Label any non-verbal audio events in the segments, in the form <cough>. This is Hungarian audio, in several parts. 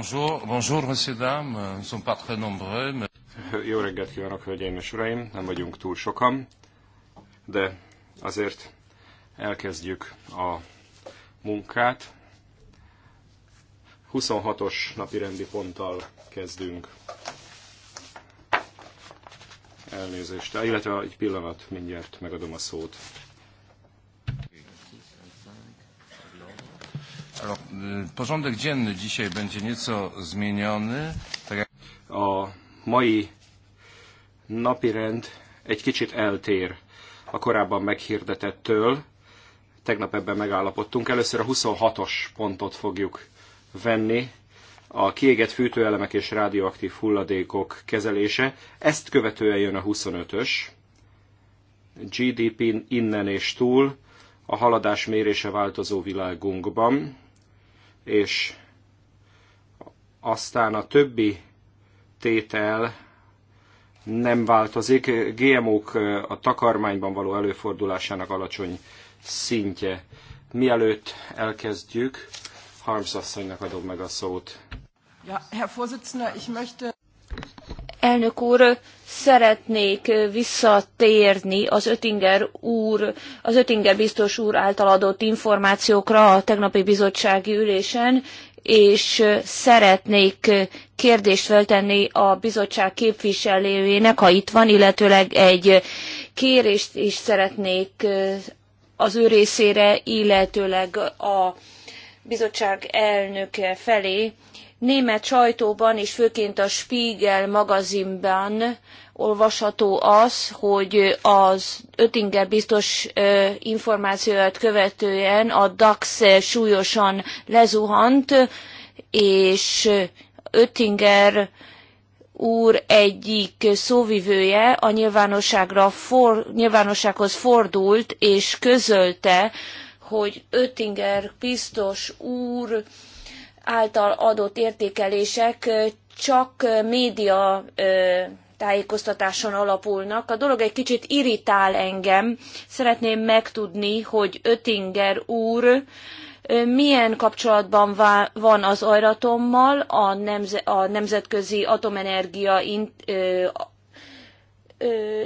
Bonjour, bonjour, messieurs, dames. pas très nombreux, mais... <laughs> Jó reggelt kívánok, hölgyeim és uraim! Nem vagyunk túl sokan, de azért elkezdjük a munkát. 26-os napi rendi ponttal kezdünk. Elnézést, illetve egy pillanat, mindjárt megadom a szót. Porządek dzienny dzisiaj będzie nieco zmieniony. A mai napirend egy kicsit eltér a korábban meghirdetettől. Tegnap ebben megállapodtunk. Először a 26-os pontot fogjuk venni, a kiégett fűtőelemek és rádióaktív hulladékok kezelése. Ezt követően jön a 25-ös, GDP innen és túl, a haladás mérése változó világunkban és aztán a többi tétel nem változik. GMO-k a takarmányban való előfordulásának alacsony szintje. Mielőtt elkezdjük, Harms asszonynak adom meg a szót. Ja, Herr Vorsitzender, ich möchte... Elnök úr, szeretnék visszatérni az Ötinger úr, az Ötinger biztos úr által adott információkra a tegnapi bizottsági ülésen, és szeretnék kérdést feltenni a bizottság képviselőjének, ha itt van, illetőleg egy kérést is szeretnék az ő részére, illetőleg a bizottság elnöke felé, német sajtóban és főként a Spiegel magazinban olvasható az, hogy az Ötinger biztos információját követően a DAX súlyosan lezuhant, és Öttinger úr egyik szóvivője a nyilvánosságra for, nyilvánossághoz fordult, és közölte, hogy Öttinger biztos úr által adott értékelések csak média tájékoztatáson alapulnak. A dolog egy kicsit irritál engem. Szeretném megtudni, hogy Ötinger úr milyen kapcsolatban van az Euratommal, a, nemze a Nemzetközi Atomenergia in, ö, ö,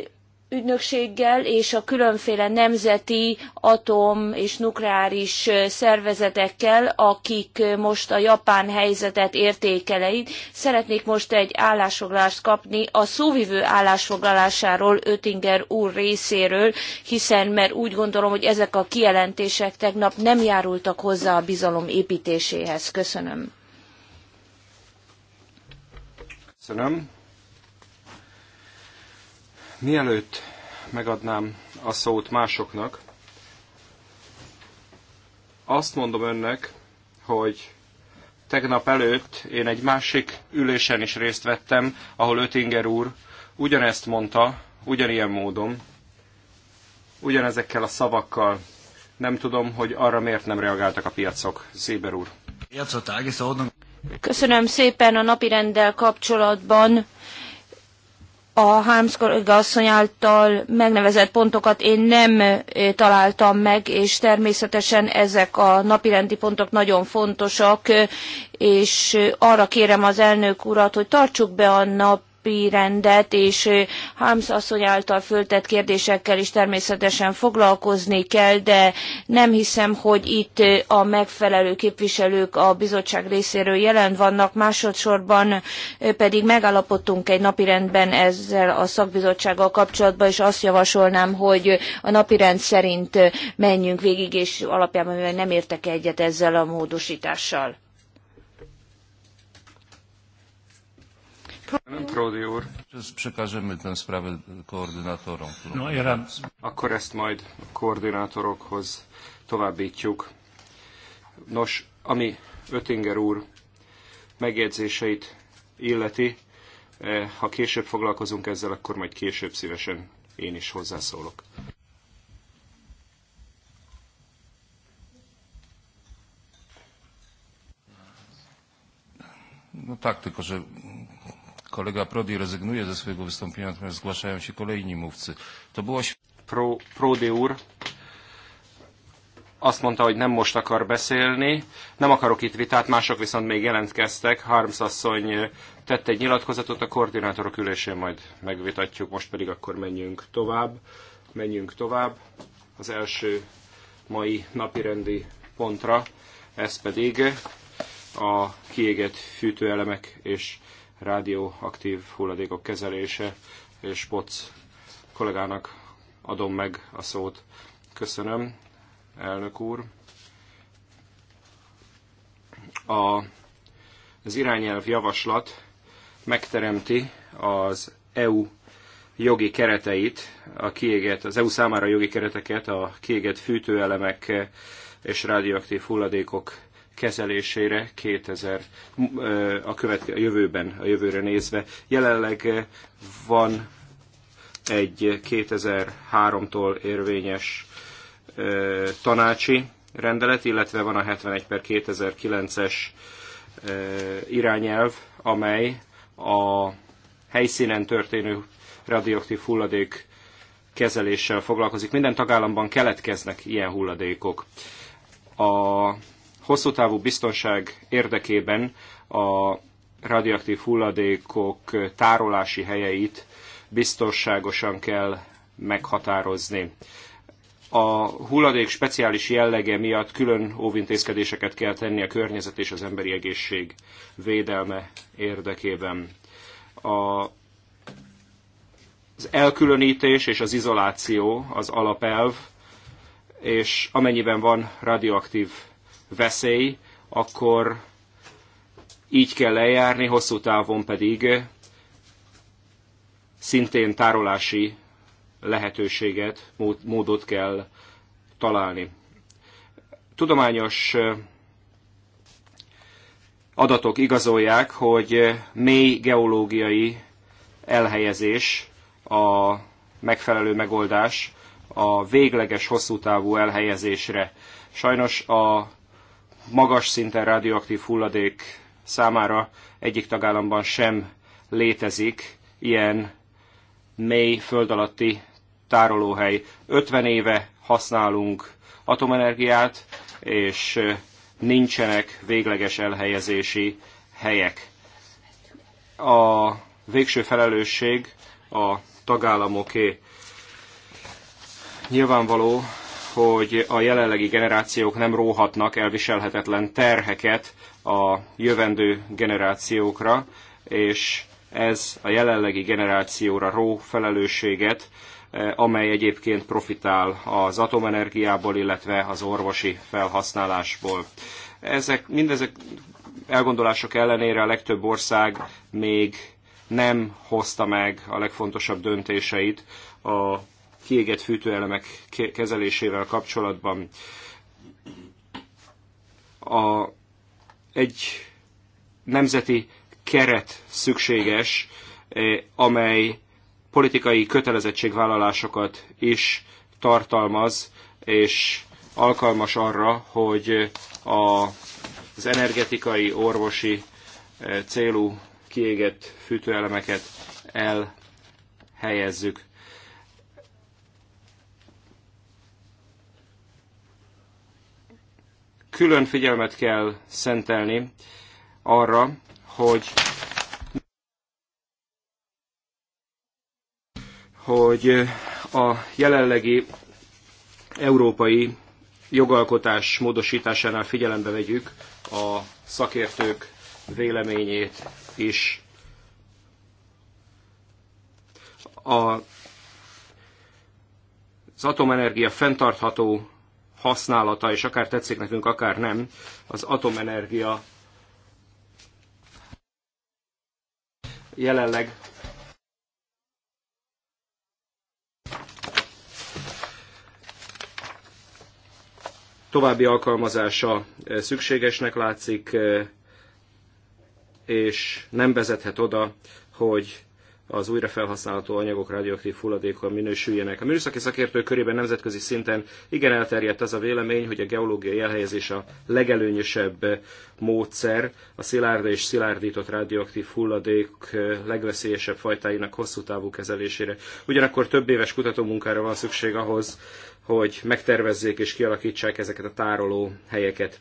ügynökséggel és a különféle nemzeti atom és nukleáris szervezetekkel, akik most a japán helyzetet értékeleit. Szeretnék most egy állásfoglalást kapni a szóvivő állásfoglalásáról Ötinger úr részéről, hiszen mert úgy gondolom, hogy ezek a kijelentések tegnap nem járultak hozzá a bizalom építéséhez. Köszönöm. Köszönöm. Mielőtt megadnám a szót másoknak, azt mondom önnek, hogy tegnap előtt én egy másik ülésen is részt vettem, ahol Ötinger úr ugyanezt mondta, ugyanilyen módon, ugyanezekkel a szavakkal. Nem tudom, hogy arra miért nem reagáltak a piacok. Széber úr. Köszönöm szépen a napirenddel kapcsolatban a Harms asszony által megnevezett pontokat én nem találtam meg, és természetesen ezek a napirendi pontok nagyon fontosak, és arra kérem az elnök urat, hogy tartsuk be a nap napi rendet, és Hams asszony által föltett kérdésekkel is természetesen foglalkozni kell, de nem hiszem, hogy itt a megfelelő képviselők a bizottság részéről jelen vannak, másodszorban pedig megállapodtunk egy napirendben ezzel a szakbizottsággal kapcsolatban, és azt javasolnám, hogy a napirend szerint menjünk végig, és alapjában mivel nem értek egyet ezzel a módosítással. Pródi úr. Akkor ezt majd a koordinátorokhoz továbbítjuk. Nos, ami Ötinger úr megjegyzéseit illeti, eh, ha később foglalkozunk ezzel, akkor majd később szívesen én is hozzászólok. No tak, tylko że Kolega Prodi rezygnuje ze swojego wystąpienia, natomiast zgłaszają się kolejni mówcy. To było... Pro, Prodi úr azt mondta, hogy nem most akar beszélni, nem akarok itt vitát, mások viszont még jelentkeztek. Harms asszony eh, tette egy nyilatkozatot, a koordinátorok ülésén majd megvitatjuk, most pedig akkor menjünk tovább. Menjünk tovább az első mai napirendi pontra, ez pedig a kiégett fűtőelemek és rádióaktív hulladékok kezelése, és Boc kollégának adom meg a szót. Köszönöm, elnök úr. A, az irányelv javaslat megteremti az EU jogi kereteit, a kiégett, az EU számára jogi kereteket a kiégett fűtőelemek és radioaktív hulladékok kezelésére 2000 a, követke, a jövőben, a jövőre nézve. Jelenleg van egy 2003-tól érvényes tanácsi rendelet, illetve van a 71 per 2009-es irányelv, amely a helyszínen történő radioaktív hulladék kezeléssel foglalkozik. Minden tagállamban keletkeznek ilyen hulladékok. A hosszú távú biztonság érdekében a radioaktív hulladékok tárolási helyeit biztonságosan kell meghatározni. A hulladék speciális jellege miatt külön óvintézkedéseket kell tenni a környezet és az emberi egészség védelme érdekében. A az elkülönítés és az izoláció az alapelv, és amennyiben van radioaktív veszély, akkor így kell lejárni, hosszú távon pedig szintén tárolási lehetőséget, módot kell találni. Tudományos adatok igazolják, hogy mély geológiai elhelyezés a megfelelő megoldás a végleges hosszú távú elhelyezésre. Sajnos a magas szinten radioaktív hulladék számára egyik tagállamban sem létezik ilyen mély föld alatti tárolóhely. 50 éve használunk atomenergiát, és nincsenek végleges elhelyezési helyek. A végső felelősség a tagállamoké. Nyilvánvaló, hogy a jelenlegi generációk nem róhatnak elviselhetetlen terheket a jövendő generációkra, és ez a jelenlegi generációra ró felelősséget, eh, amely egyébként profitál az atomenergiából, illetve az orvosi felhasználásból. Ezek, mindezek elgondolások ellenére a legtöbb ország még nem hozta meg a legfontosabb döntéseit a kiégett fűtőelemek kezelésével kapcsolatban. A, egy nemzeti keret szükséges, eh, amely politikai kötelezettségvállalásokat is tartalmaz, és alkalmas arra, hogy a, az energetikai, orvosi eh, célú kiégett fűtőelemeket elhelyezzük. külön figyelmet kell szentelni arra, hogy hogy a jelenlegi európai jogalkotás módosításánál figyelembe vegyük a szakértők véleményét is. A, az atomenergia fenntartható használata, és akár tetszik nekünk, akár nem, az atomenergia jelenleg további alkalmazása eh, szükségesnek látszik, eh, és nem vezethet oda, hogy az újrafelhasználható anyagok radioaktív hulladékkal minősüljenek. A műszaki szakértők körében nemzetközi szinten igen elterjedt az a vélemény, hogy a geológiai elhelyezés a legelőnyösebb módszer a szilárd és szilárdított radioaktív hulladék eh, legveszélyesebb fajtáinak hosszú távú kezelésére. Ugyanakkor több éves kutatómunkára van szükség ahhoz, hogy megtervezzék és kialakítsák ezeket a tároló helyeket.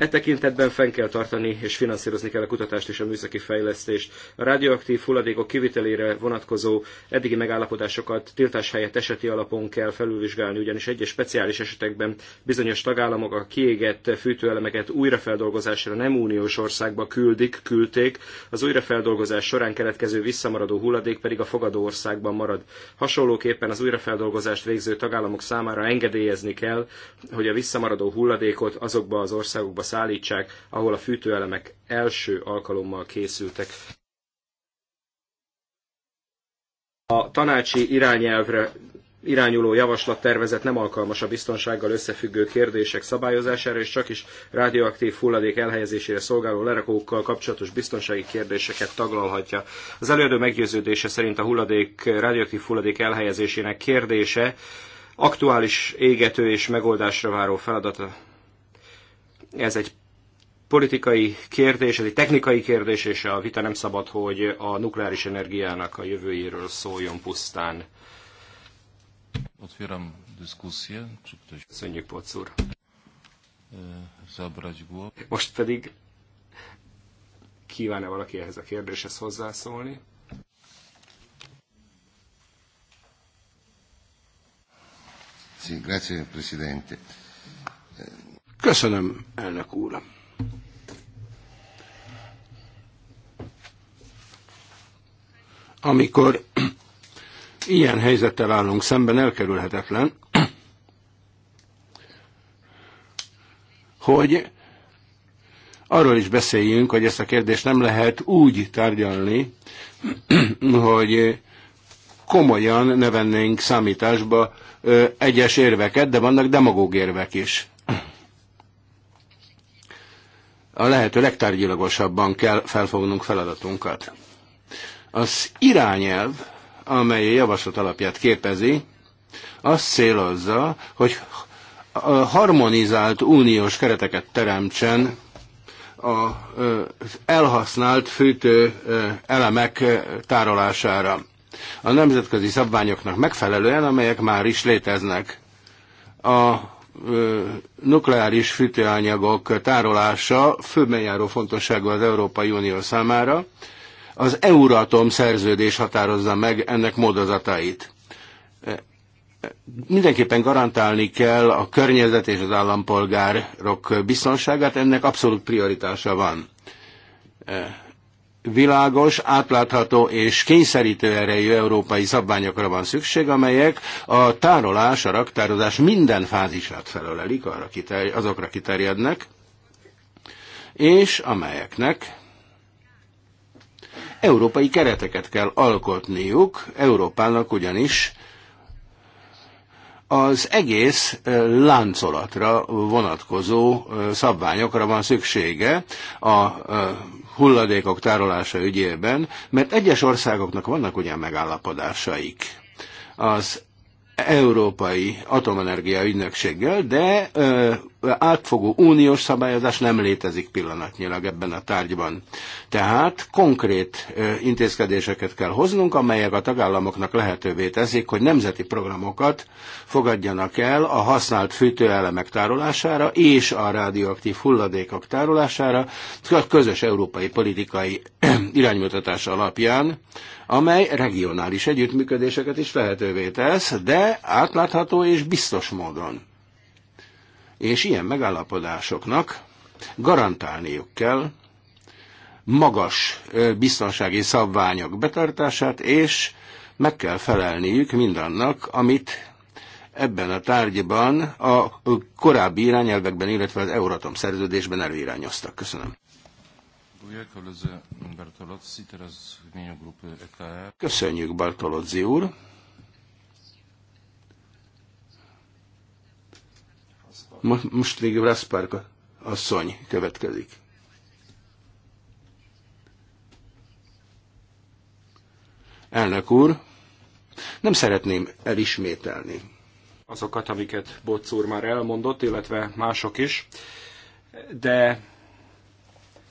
E tekintetben fenn kell tartani és finanszírozni kell a kutatást és a műszaki fejlesztést. A radioaktív hulladékok kivitelére vonatkozó eddigi megállapodásokat tiltás helyett eseti alapon kell felülvizsgálni, ugyanis egyes speciális esetekben bizonyos tagállamok a kiégett fűtőelemeket újrafeldolgozásra nem uniós országba küldik, küldték, az újrafeldolgozás során keletkező visszamaradó hulladék pedig a fogadó országban marad. Hasonlóképpen az újrafeldolgozást végző tagállamok számára engedélyezni kell, hogy a visszamaradó hulladékot azokba az országokba szállítsák, ahol a fűtőelemek első alkalommal készültek. A tanácsi irányelvre irányuló javaslattervezet nem alkalmas a biztonsággal összefüggő kérdések szabályozására, és csak is radioaktív hulladék elhelyezésére szolgáló lerakókkal kapcsolatos biztonsági kérdéseket taglalhatja. Az előadó meggyőződése szerint a hulladék, radioaktív hulladék elhelyezésének kérdése aktuális égető és megoldásra váró feladata ez egy politikai kérdés, ez egy technikai kérdés, és a vita nem szabad, hogy a nukleáris energiának a jövőjéről szóljon pusztán. Otwieram dyskusję. Köszönjük, Poc úr. E, Most pedig kíván-e valaki ehhez a kérdéshez hozzászólni? Sì, grazie Presidente. Köszönöm, elnök úr. Amikor ilyen helyzettel állunk szemben, elkerülhetetlen, hogy arról is beszéljünk, hogy ezt a kérdést nem lehet úgy tárgyalni, hogy komolyan ne vennénk számításba egyes érveket, de vannak demagóg érvek is a lehető legtárgyilagosabban kell felfognunk feladatunkat. Az irányelv, amely a javaslat alapját képezi, azt célozza, hogy a harmonizált uniós kereteket teremtsen az elhasznált fűtő elemek tárolására a nemzetközi szabványoknak megfelelően, amelyek már is léteznek. A nukleáris fűtőanyagok tárolása főmenjáró fontosságú az Európai Unió számára. Az Euratom szerződés határozza meg ennek módozatait. Mindenképpen garantálni kell a környezet és az állampolgárok biztonságát, ennek abszolút prioritása van világos, átlátható és kényszerítő erejű európai szabványokra van szükség, amelyek a tárolás, a raktározás minden fázisát felölelik, arra kiterj, azokra kiterjednek, és amelyeknek európai kereteket kell alkotniuk, Európának ugyanis az egész láncolatra vonatkozó szabványokra van szüksége. A hulladékok tárolása ügyében, mert egyes országoknak vannak ugyan megállapodásaik az Európai Atomenergia Ügynökséggel, de átfogó uniós szabályozás nem létezik pillanatnyilag ebben a tárgyban. Tehát konkrét intézkedéseket kell hoznunk, amelyek a tagállamoknak lehetővé teszik, hogy nemzeti programokat fogadjanak el a használt fűtőelemek tárolására és a radioaktív hulladékok tárolására, a közös európai politikai <clears throat> iránymutatás alapján, amely regionális együttműködéseket is lehetővé tesz, de átlátható és biztos módon és ilyen megállapodásoknak garantálniuk kell magas biztonsági szabványok betartását, és meg kell felelniük mindannak, amit ebben a tárgyban a korábbi irányelvekben, illetve az Euratom szerződésben előirányoztak. Köszönöm. E Köszönjük, Bartolozzi úr. Most még Raspark asszony következik. Elnök úr, nem szeretném elismételni. Azokat, amiket Bocz úr már elmondott, illetve mások is, de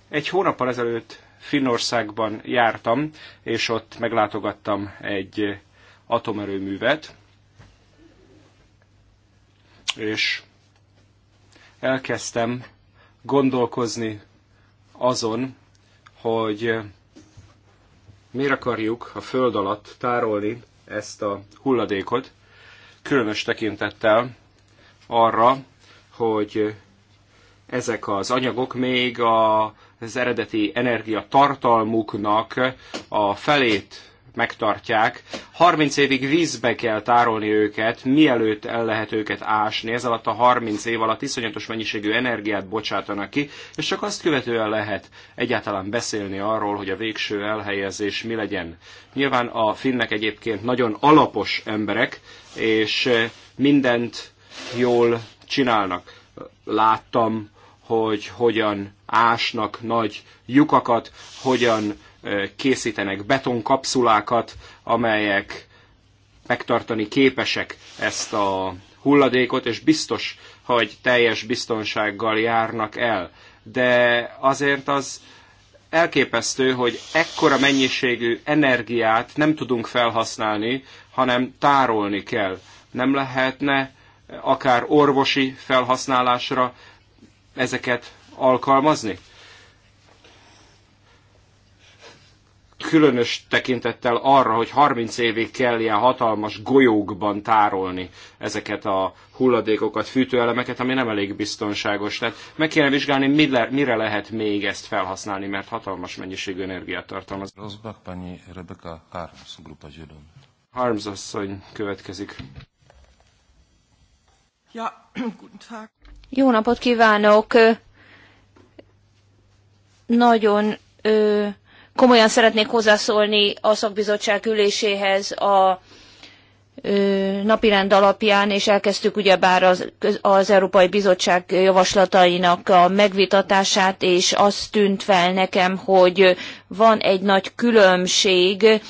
egy hónappal ezelőtt Finnországban jártam, és ott meglátogattam egy atomerőművet, és elkezdtem gondolkozni azon, hogy miért akarjuk a föld alatt tárolni ezt a hulladékot, különös tekintettel arra, hogy ezek az anyagok még az eredeti energiatartalmuknak a felét megtartják. 30 évig vízbe kell tárolni őket, mielőtt el lehet őket ásni. Ez alatt a 30 év alatt iszonyatos mennyiségű energiát bocsátanak ki, és csak azt követően lehet egyáltalán beszélni arról, hogy a végső elhelyezés mi legyen. Nyilván a finnek egyébként nagyon alapos emberek, és eh, mindent jól csinálnak. Láttam, hogy hogyan ásnak nagy lyukakat, hogyan készítenek betonkapszulákat, amelyek megtartani képesek ezt a hulladékot, és biztos, hogy teljes biztonsággal járnak el. De azért az elképesztő, hogy ekkora mennyiségű energiát nem tudunk felhasználni, hanem tárolni kell. Nem lehetne akár orvosi felhasználásra ezeket alkalmazni? különös tekintettel arra, hogy 30 évig kell ilyen hatalmas golyókban tárolni ezeket a hulladékokat, fűtőelemeket, ami nem elég biztonságos. Tehát meg kéne vizsgálni, mire, lehet még ezt felhasználni, mert hatalmas mennyiségű energiát tartalmaz. Rosbach, pani Rebecca Harms, Grupa Zsidon. Harms asszony következik. Ja, <clears throat> guten Tag. Jó napot kívánok! Nagyon ö, komolyan szeretnék hozzászólni a szakbizottság üléséhez a napirend alapján, és elkezdtük ugyebár az, az Európai Bizottság javaslatainak a megvitatását, és azt tűnt fel nekem, hogy van egy nagy különbség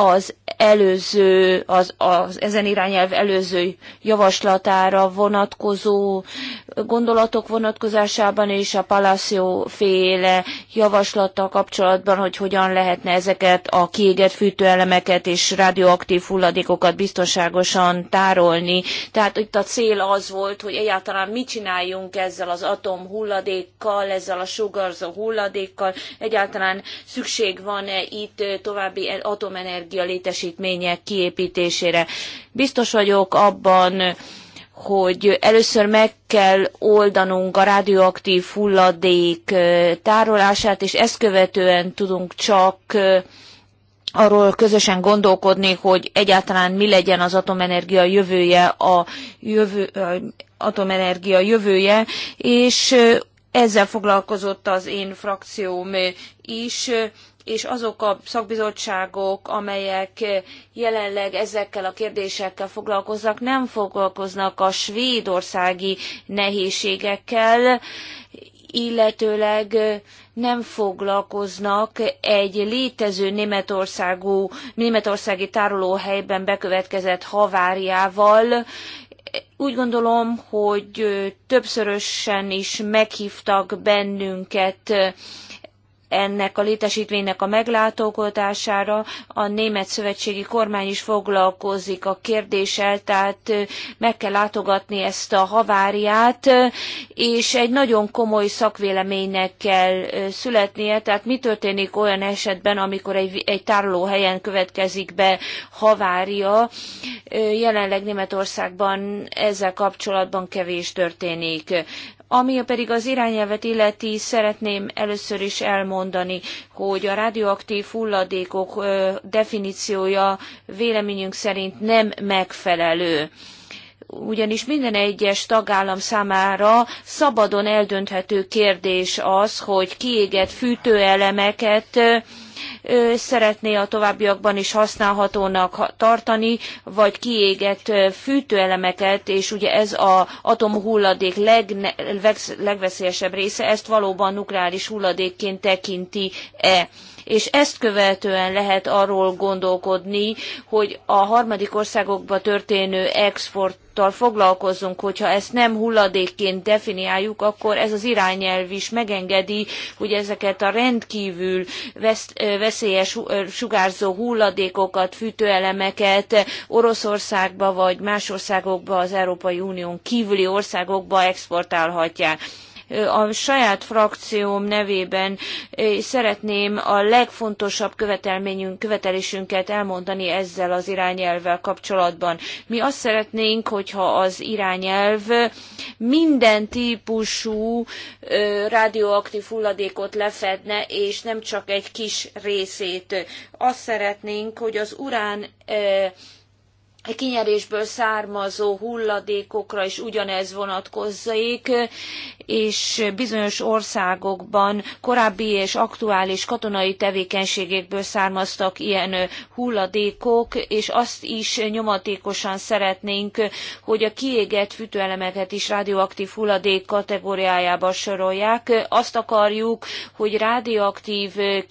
az előző, az, az ezen irányelv előző javaslatára vonatkozó gondolatok vonatkozásában és a Palacio féle javaslattal kapcsolatban, hogy hogyan lehetne ezeket a kiégett fűtőelemeket és radioaktív hulladékokat biztonságosan tárolni. Tehát itt a cél az volt, hogy egyáltalán mit csináljunk ezzel az atom hulladékkal, ezzel a sugarzó hulladékkal, egyáltalán szükség van-e itt további atomenergiára, energialétesítmények kiépítésére. Biztos vagyok abban, hogy először meg kell oldanunk a radioaktív hulladék tárolását, és ezt követően tudunk csak arról közösen gondolkodni, hogy egyáltalán mi legyen az atomenergia jövője, a jövő, atomenergia jövője, és ezzel foglalkozott az én frakcióm is, és azok a szakbizottságok, amelyek jelenleg ezekkel a kérdésekkel foglalkoznak, nem foglalkoznak a svédországi nehézségekkel, illetőleg nem foglalkoznak egy létező németországú, németországi tárolóhelyben bekövetkezett haváriával, úgy gondolom, hogy többszörösen is meghívtak bennünket ennek a létesítménynek a meglátogatására a német szövetségi kormány is foglalkozik a kérdéssel, tehát meg kell látogatni ezt a haváriát, és egy nagyon komoly szakvéleménynek kell születnie, tehát mi történik olyan esetben, amikor egy, egy tárolóhelyen következik be havária. Jelenleg Németországban ezzel kapcsolatban kevés történik. Ami pedig az irányelvet illeti, szeretném először is elmondani, hogy a radioaktív hulladékok definíciója véleményünk szerint nem megfelelő ugyanis minden egyes tagállam számára szabadon eldönthető kérdés az, hogy kiégett fűtőelemeket szeretné a továbbiakban is használhatónak tartani, vagy kiégett fűtőelemeket, és ugye ez az atomhulladék legne, legveszélyesebb része, ezt valóban nukleáris hulladékként tekinti-e? és ezt követően lehet arról gondolkodni, hogy a harmadik országokba történő exporttal foglalkozzunk, hogyha ezt nem hulladékként definiáljuk, akkor ez az irányelv is megengedi, hogy ezeket a rendkívül veszélyes sugárzó hulladékokat, fűtőelemeket Oroszországba vagy más országokba, az Európai Unión kívüli országokba exportálhatják a saját frakcióm nevében szeretném a legfontosabb követelményünk, követelésünket elmondani ezzel az irányelvvel kapcsolatban. Mi azt szeretnénk, hogyha az irányelv minden típusú radioaktív hulladékot lefedne, és nem csak egy kis részét. Azt szeretnénk, hogy az urán kinyerésből származó hulladékokra is ugyanez vonatkozik, és bizonyos országokban korábbi és aktuális katonai tevékenységekből származtak ilyen hulladékok, és azt is nyomatékosan szeretnénk, hogy a kiégett fűtőelemeket is radioaktív hulladék kategóriájába sorolják. Azt akarjuk, hogy radioaktív eh,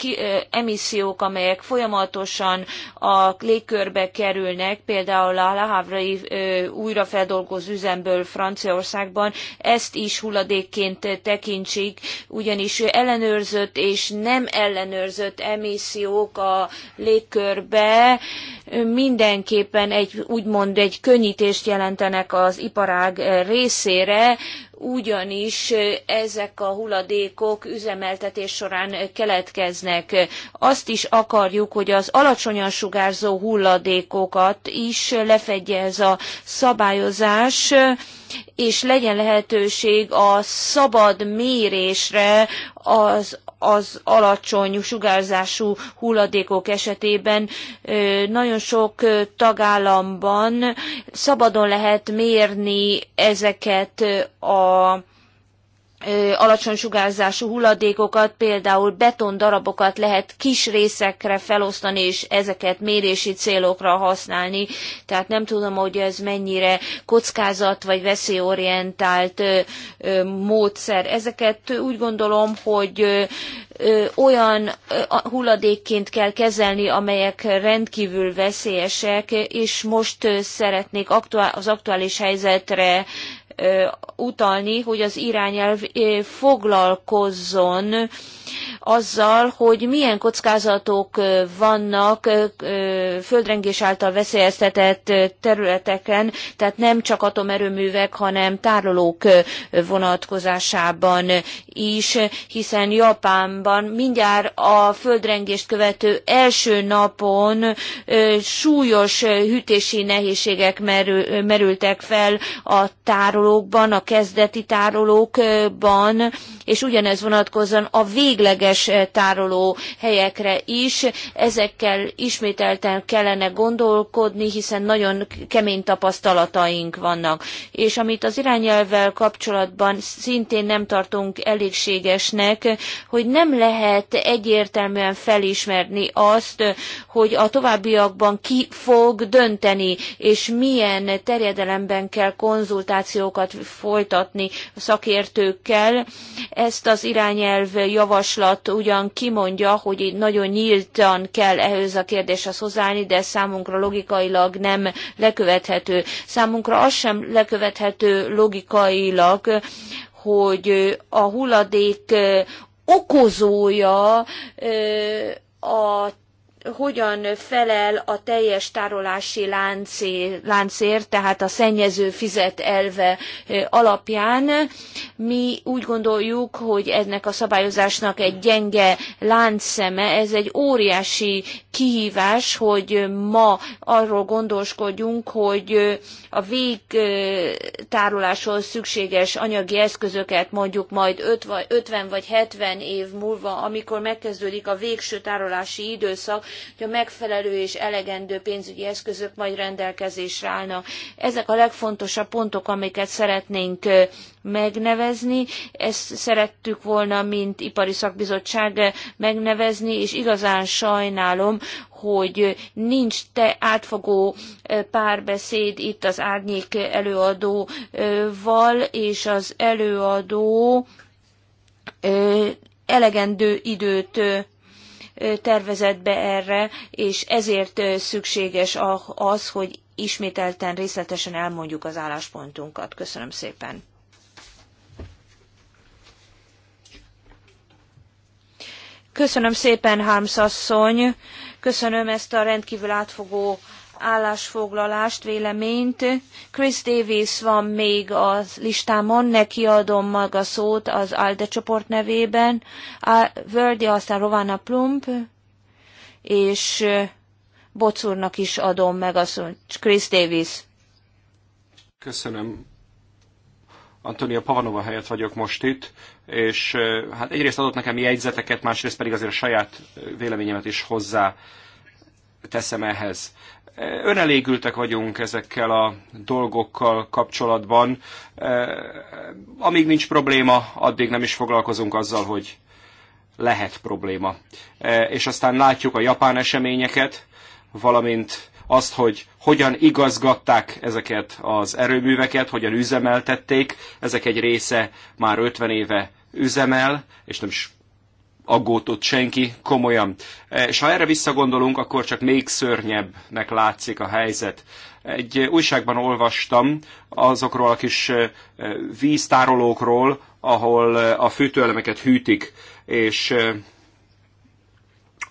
emissziók, amelyek folyamatosan a légkörbe kerülnek, például például a Le újra újrafeldolgozó üzemből Franciaországban, ezt is hulladékként tekintsék, ugyanis ellenőrzött és nem ellenőrzött emissziók a légkörbe mindenképpen egy úgymond egy könnyítést jelentenek az iparág részére, ugyanis ezek a hulladékok üzemeltetés során keletkeznek. Azt is akarjuk, hogy az alacsonyan sugárzó hulladékokat is lefedje ez a szabályozás, és legyen lehetőség a szabad mérésre az az alacsony sugárzású hulladékok esetében nagyon sok tagállamban szabadon lehet mérni ezeket a alacsony sugárzású hulladékokat, például betondarabokat lehet kis részekre felosztani, és ezeket mérési célokra használni. Tehát nem tudom, hogy ez mennyire kockázat vagy veszélyorientált módszer. Ezeket úgy gondolom, hogy olyan hulladékként kell kezelni, amelyek rendkívül veszélyesek, és most szeretnék az aktuális helyzetre utalni, hogy az irányelv foglalkozzon azzal, hogy milyen kockázatok vannak földrengés által veszélyeztetett területeken, tehát nem csak atomerőművek, hanem tárolók vonatkozásában is, hiszen Japánban mindjárt a földrengést követő első napon súlyos hűtési nehézségek merültek fel a tárolókban, a kezdeti tárolókban, és ugyanez vonatkozzon a végleges eh, tároló helyekre is. Ezekkel ismételten kellene gondolkodni, hiszen nagyon kemény tapasztalataink vannak. És amit az irányelvvel kapcsolatban szintén nem tartunk elégségesnek, hogy nem lehet egyértelműen felismerni azt, hogy a továbbiakban ki fog dönteni, és milyen terjedelemben kell konzultációkat folytatni szakértőkkel. Ezt az irányelv javaslat ugyan kimondja, hogy itt nagyon nyíltan kell ehhez a kérdéshez hozzáállni, de számunkra logikailag nem lekövethető. Számunkra az sem lekövethető logikailag, hogy a hulladék okozója a hogyan felel a teljes tárolási láncé, láncért, tehát a szennyező fizet elve alapján. Mi úgy gondoljuk, hogy ennek a szabályozásnak egy gyenge láncszeme, ez egy óriási kihívás, hogy ma arról gondoskodjunk, hogy a végtároláshoz szükséges anyagi eszközöket mondjuk majd 50 vagy 70 év múlva, amikor megkezdődik a végső tárolási időszak, hogy a megfelelő és elegendő pénzügyi eszközök majd rendelkezésre állnak. Ezek a legfontosabb pontok, amiket szeretnénk megnevezni. Ezt szerettük volna, mint ipari szakbizottság megnevezni, és igazán sajnálom, hogy nincs te átfogó párbeszéd itt az árnyék előadóval, és az előadó elegendő időt tervezett be erre, és ezért szükséges az, hogy ismételten részletesen elmondjuk az álláspontunkat. Köszönöm szépen. Köszönöm szépen, Hámsz asszony. Köszönöm ezt a rendkívül átfogó állásfoglalást, véleményt. Chris Davis van még a listámon, neki adom a szót az ALDE csoport nevében. A Verdi aztán Rovana Plump, és Bocurnak is adom meg a szót. Chris Davis. Köszönöm. Antonia Pavanova helyett vagyok most itt, és hát egyrészt adott nekem jegyzeteket, másrészt pedig azért a saját véleményemet is hozzá teszem ehhez önelégültek vagyunk ezekkel a dolgokkal kapcsolatban. E, amíg nincs probléma, addig nem is foglalkozunk azzal, hogy lehet probléma. E, és aztán látjuk a japán eseményeket, valamint azt, hogy hogyan igazgatták ezeket az erőműveket, hogyan üzemeltették. Ezek egy része már 50 éve üzemel, és nem is aggódott senki komolyan. E, és ha erre visszagondolunk, akkor csak még szörnyebbnek látszik a helyzet. Egy újságban olvastam azokról a kis e, e, víztárolókról, ahol a fűtőelemeket hűtik, és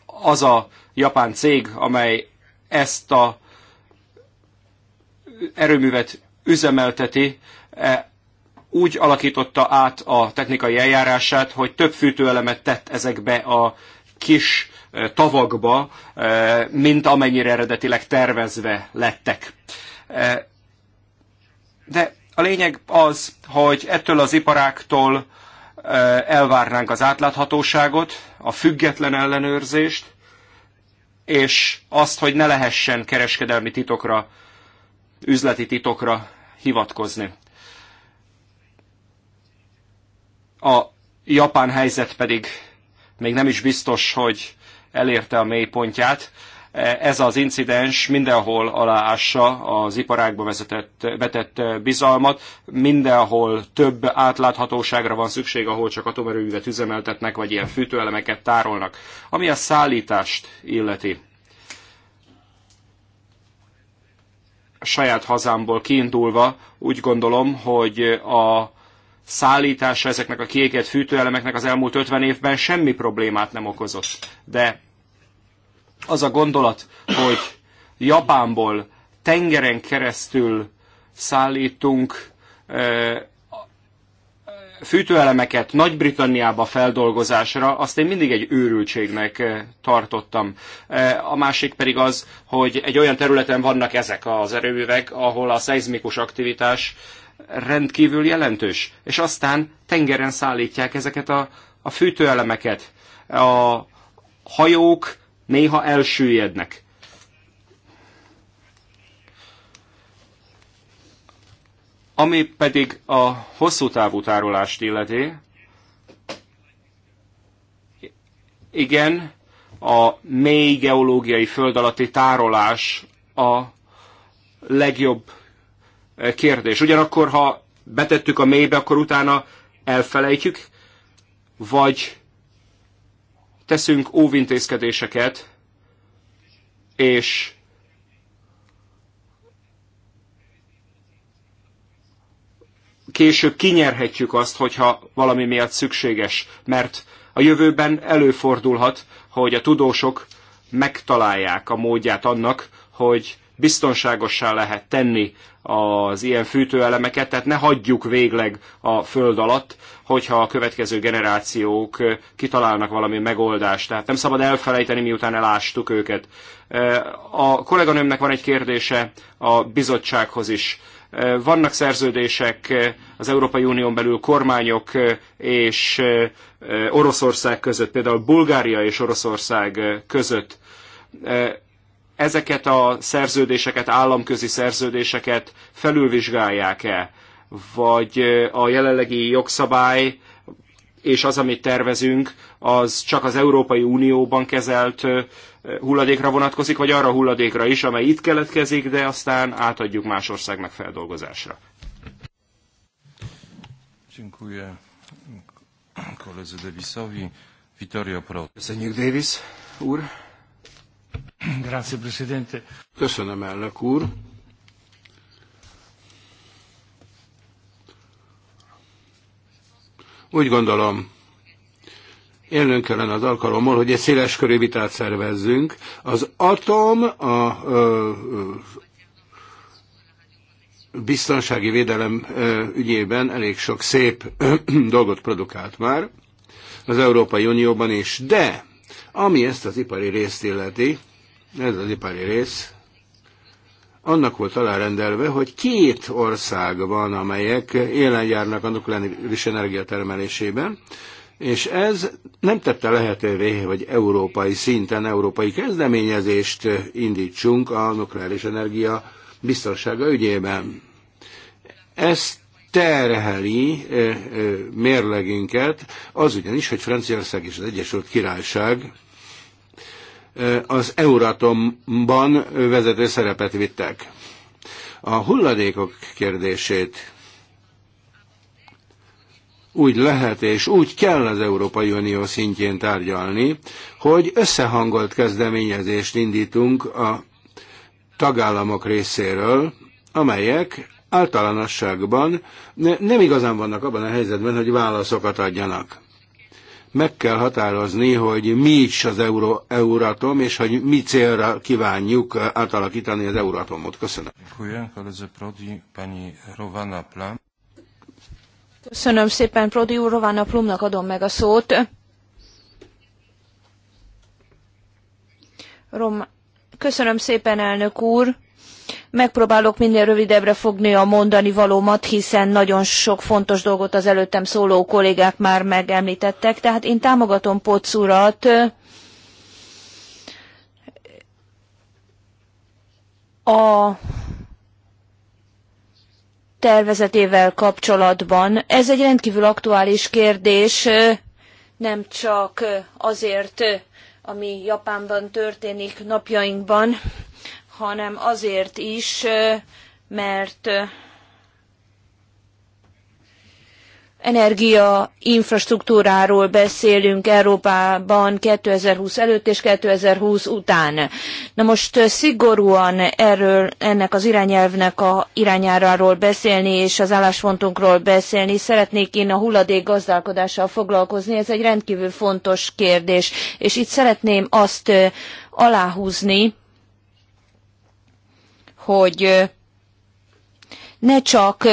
az a japán cég, amely ezt a erőművet üzemelteti, úgy alakította át a technikai eljárását, hogy több fűtőelemet tett ezekbe a kis tavakba, mint amennyire eredetileg tervezve lettek. De a lényeg az, hogy ettől az iparáktól elvárnánk az átláthatóságot, a független ellenőrzést, és azt, hogy ne lehessen kereskedelmi titokra, üzleti titokra hivatkozni. A japán helyzet pedig még nem is biztos, hogy elérte a mélypontját. Ez az incidens mindenhol aláássa az iparágba vezetett, vetett bizalmat, mindenhol több átláthatóságra van szükség, ahol csak atomerőművet üzemeltetnek, vagy ilyen fűtőelemeket tárolnak. Ami a szállítást illeti. A saját hazámból kiindulva úgy gondolom, hogy a szállítása ezeknek a kiégett fűtőelemeknek az elmúlt 50 évben semmi problémát nem okozott. De az a gondolat, hogy Japánból tengeren keresztül szállítunk fűtőelemeket Nagy-Britanniába feldolgozásra, azt én mindig egy őrültségnek tartottam. A másik pedig az, hogy egy olyan területen vannak ezek az erőművek, ahol a szeizmikus aktivitás rendkívül jelentős. És aztán tengeren szállítják ezeket a, a fűtőelemeket. A hajók néha elsüllyednek. Ami pedig a hosszú távú tárolást illeti, igen, a mély geológiai föld alatti tárolás a legjobb kérdés. Ugyanakkor, ha betettük a mélybe, akkor utána elfelejtjük, vagy teszünk óvintézkedéseket, és később kinyerhetjük azt, hogyha valami miatt szükséges, mert a jövőben előfordulhat, hogy a tudósok megtalálják a módját annak, hogy biztonságossá lehet tenni az ilyen fűtőelemeket, tehát ne hagyjuk végleg a föld alatt, hogyha a következő generációk kitalálnak valami megoldást. Tehát nem szabad elfelejteni, miután elástuk őket. A kolléganőmnek van egy kérdése a bizottsághoz is. Vannak szerződések az Európai Unión belül kormányok és Oroszország között, például Bulgária és Oroszország között ezeket a szerződéseket, államközi szerződéseket felülvizsgálják-e, vagy a jelenlegi jogszabály és az, amit tervezünk, az csak az Európai Unióban kezelt hulladékra vonatkozik, vagy arra hulladékra is, amely itt keletkezik, de aztán átadjuk más országnak feldolgozásra. Dziękuję koledze Davisowi. Vittorio Pro. Köszönjük, Davis úr. Grazie, Presidente. Köszönöm, elnök úr. Úgy gondolom, élnünk kellene az alkalommal, hogy egy széleskörű vitát szervezzünk. Az atom a biztonsági védelem ügyében elég sok szép <clears throat> dolgot produkált már az Európai Unióban is, de ami ezt az ipari részt illeti, ez az ipari rész, annak volt alárendelve, hogy két ország van, amelyek élen járnak a nukleáris energia termelésében, és ez nem tette lehetővé, hogy európai szinten európai kezdeményezést indítsunk a nukleáris energia biztonsága ügyében. Ezt terheli eh, eh, mérlegünket, az ugyanis, hogy Franciaország és az Egyesült Királyság az Euratomban vezető szerepet vittek. A hulladékok kérdését úgy lehet és úgy kell az Európai Unió szintjén tárgyalni, hogy összehangolt kezdeményezést indítunk a tagállamok részéről, amelyek általánosságban nem igazán vannak abban a helyzetben, hogy válaszokat adjanak. Meg kell határozni, hogy mi is az Euro, Euratom, és hogy mi célra kívánjuk átalakítani az Euratomot. Köszönöm. Köszönöm szépen, Prodi úr, Rovana Plumnak adom meg a szót. Rom... Köszönöm szépen, elnök úr. Megpróbálok minél rövidebbre fogni a mondani valómat, hiszen nagyon sok fontos dolgot az előttem szóló kollégák már megemltettek Tehát én támogatom urat a tervezetével kapcsolatban. Ez egy rendkívül aktuális kérdés, nem csak azért, ami Japánban történik napjainkban, hanem azért is, mert energia infrastruktúráról beszélünk Európában 2020 előtt és 2020 után. Na most szigorúan erről, ennek az irányelvnek a irányáráról beszélni és az álláspontunkról beszélni. Szeretnék én a hulladék gazdálkodással foglalkozni, ez egy rendkívül fontos kérdés, és itt szeretném azt aláhúzni, hogy ne csak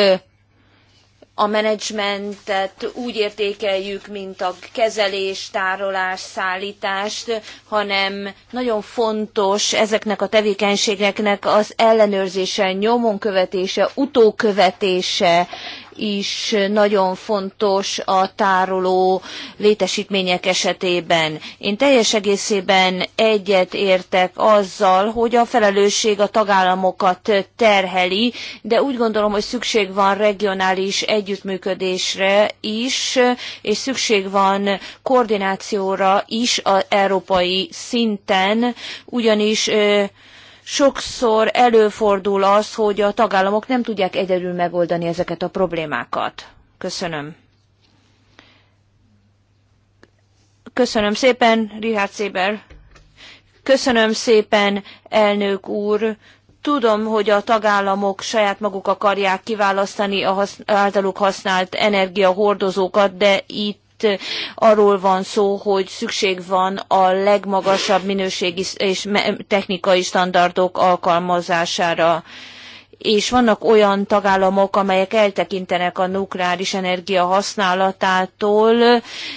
a menedzsmentet úgy értékeljük, mint a kezelés, tárolás, szállítást, hanem nagyon fontos ezeknek a tevékenységeknek az ellenőrzése, nyomon követése, utókövetése, is nagyon fontos a tároló létesítmények esetében. Én teljes egészében egyet értek azzal, hogy a felelősség a tagállamokat terheli, de úgy gondolom, hogy szükség van regionális együttműködésre is, és szükség van koordinációra is az európai szinten, ugyanis sokszor előfordul az, hogy a tagállamok nem tudják egyedül megoldani ezeket a problémákat. Köszönöm. Köszönöm szépen, Richard Széber. Köszönöm szépen, elnök úr. Tudom, hogy a tagállamok saját maguk akarják kiválasztani a általuk használt energiahordozókat, de itt arról van szó, hogy szükség van a legmagasabb minőségi és technikai standardok alkalmazására és vannak olyan tagállamok, amelyek eltekintenek a nukleáris energia használatától,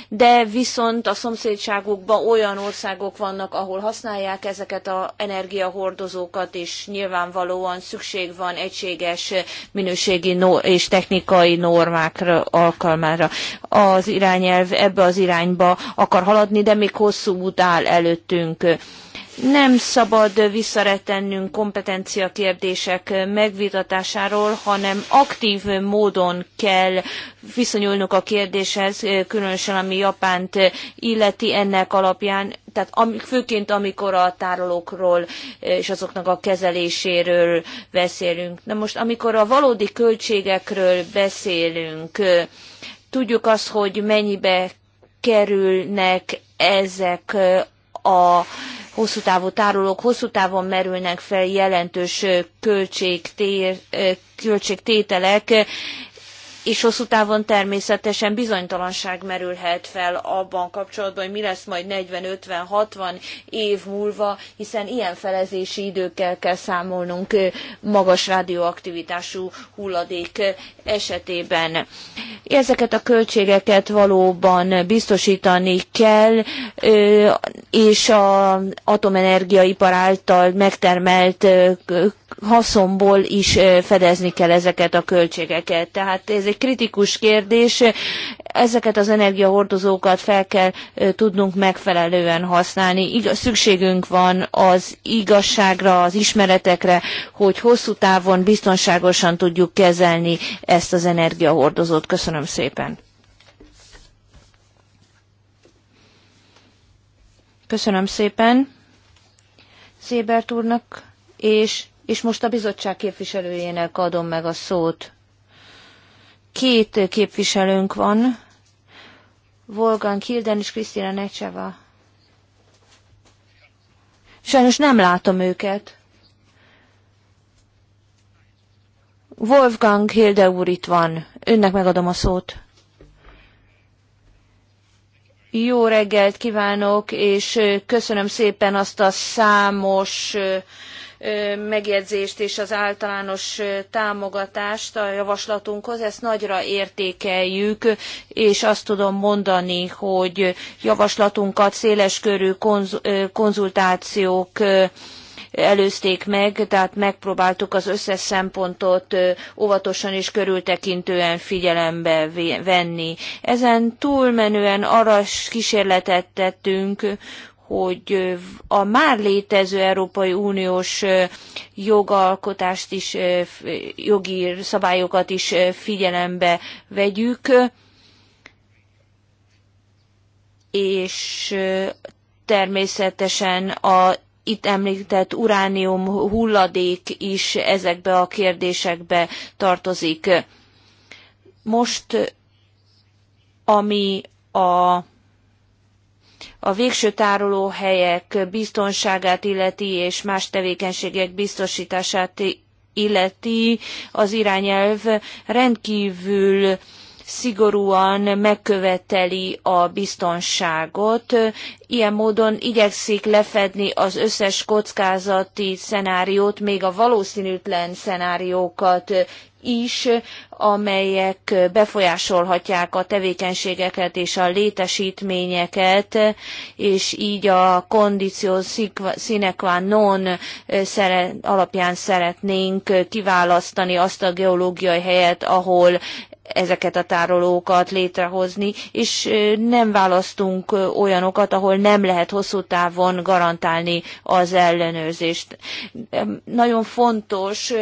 de viszont a szomszédságukban olyan országok vannak, ahol használják ezeket az energiahordozókat, és nyilvánvalóan szükség van egységes minőségi és technikai normákra alkalmára. Az irányelv ebbe az irányba akar haladni, de még hosszú út áll előttünk nem szabad visszaretennünk kompetencia kérdések megvitatásáról, hanem aktív módon kell viszonyulnunk a kérdéshez, különösen ami Japánt illeti ennek alapján, tehát főként amikor a tárolókról és azoknak a kezeléséről beszélünk. Na most, amikor a valódi költségekről beszélünk, tudjuk azt, hogy mennyibe kerülnek ezek a hosszú távú tárolók hosszú távon merülnek fel jelentős költségtételek, és hosszú távon természetesen bizonytalanság merülhet fel abban kapcsolatban, hogy mi lesz majd 40-50-60 év múlva, hiszen ilyen felezési időkkel kell számolnunk magas radioaktivitású hulladék esetében. Ezeket a költségeket valóban biztosítani kell, és az atomenergiaipar által megtermelt haszonból is fedezni kell ezeket a költségeket. Tehát ez egy kritikus kérdés, ezeket az energiahordozókat fel kell tudnunk megfelelően használni. szükségünk van az igazságra, az ismeretekre, hogy hosszú távon biztonságosan tudjuk kezelni ezt az energiahordozót. Köszönöm szépen! Köszönöm szépen Szébert úrnak, és és most a bizottság képviselőjének adom meg a szót. Két képviselőnk van, Volgan Kilden és Krisztina Necseva. Sajnos nem látom őket. Wolfgang Hilde úr itt van. Önnek megadom a szót. Jó reggelt kívánok, és köszönöm szépen azt a számos megjegyzést és az általános támogatást a javaslatunkhoz. Ezt nagyra értékeljük, és azt tudom mondani, hogy javaslatunkat széleskörű körű konzultációk előzték meg, tehát megpróbáltuk az összes szempontot óvatosan és körültekintően figyelembe venni. Ezen túlmenően arra kísérletet tettünk, hogy a már létező Európai Uniós jogalkotást is, jogi szabályokat is figyelembe vegyük, és természetesen a itt említett uránium hulladék is ezekbe a kérdésekbe tartozik. Most, ami a a végső tárolóhelyek biztonságát illeti és más tevékenységek biztosítását illeti az irányelv rendkívül szigorúan megköveteli a biztonságot, ilyen módon igyekszik lefedni az összes kockázati szenáriót, még a valószínűtlen szenáriókat is, amelyek befolyásolhatják a tevékenységeket és a létesítményeket, és így a kondíció sine qua non alapján szeretnénk kiválasztani azt a geológiai helyet, ahol ezeket a tárolókat létrehozni, és nem választunk olyanokat, ahol ahol nem lehet hosszú távon garantálni az ellenőrzést. Nagyon fontos,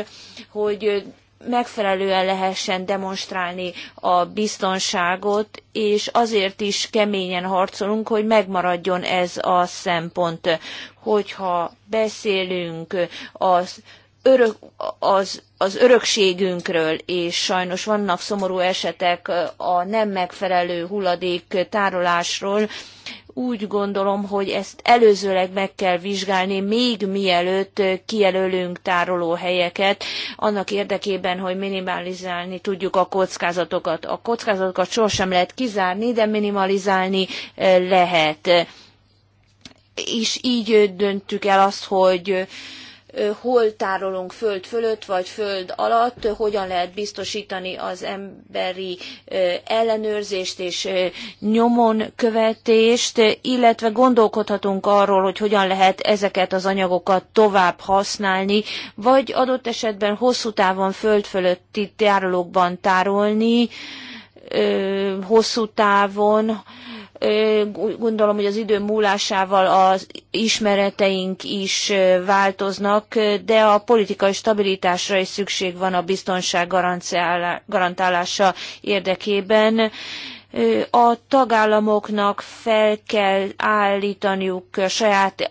hogy megfelelően lehessen demonstrálni a biztonságot, és azért is keményen harcolunk, hogy megmaradjon ez a szempont. Hogyha beszélünk az örök, az, az örökségünkről, és sajnos vannak szomorú esetek a nem megfelelő hulladék tárolásról, úgy gondolom, hogy ezt előzőleg meg kell vizsgálni, még mielőtt kijelölünk tárolóhelyeket, annak érdekében, hogy minimalizálni tudjuk a kockázatokat. A kockázatokat sosem lehet kizárni, de minimalizálni lehet. És így döntük el azt, hogy hol tárolunk föld fölött vagy föld alatt, hogyan lehet biztosítani az emberi ellenőrzést és nyomon követést, illetve gondolkodhatunk arról, hogy hogyan lehet ezeket az anyagokat tovább használni, vagy adott esetben hosszú távon föld fölötti tárolókban tárolni, hosszú távon, Gondolom, hogy az idő múlásával az ismereteink is változnak, de a politikai stabilitásra is szükség van a biztonság garantálása érdekében a tagállamoknak fel kell állítaniuk saját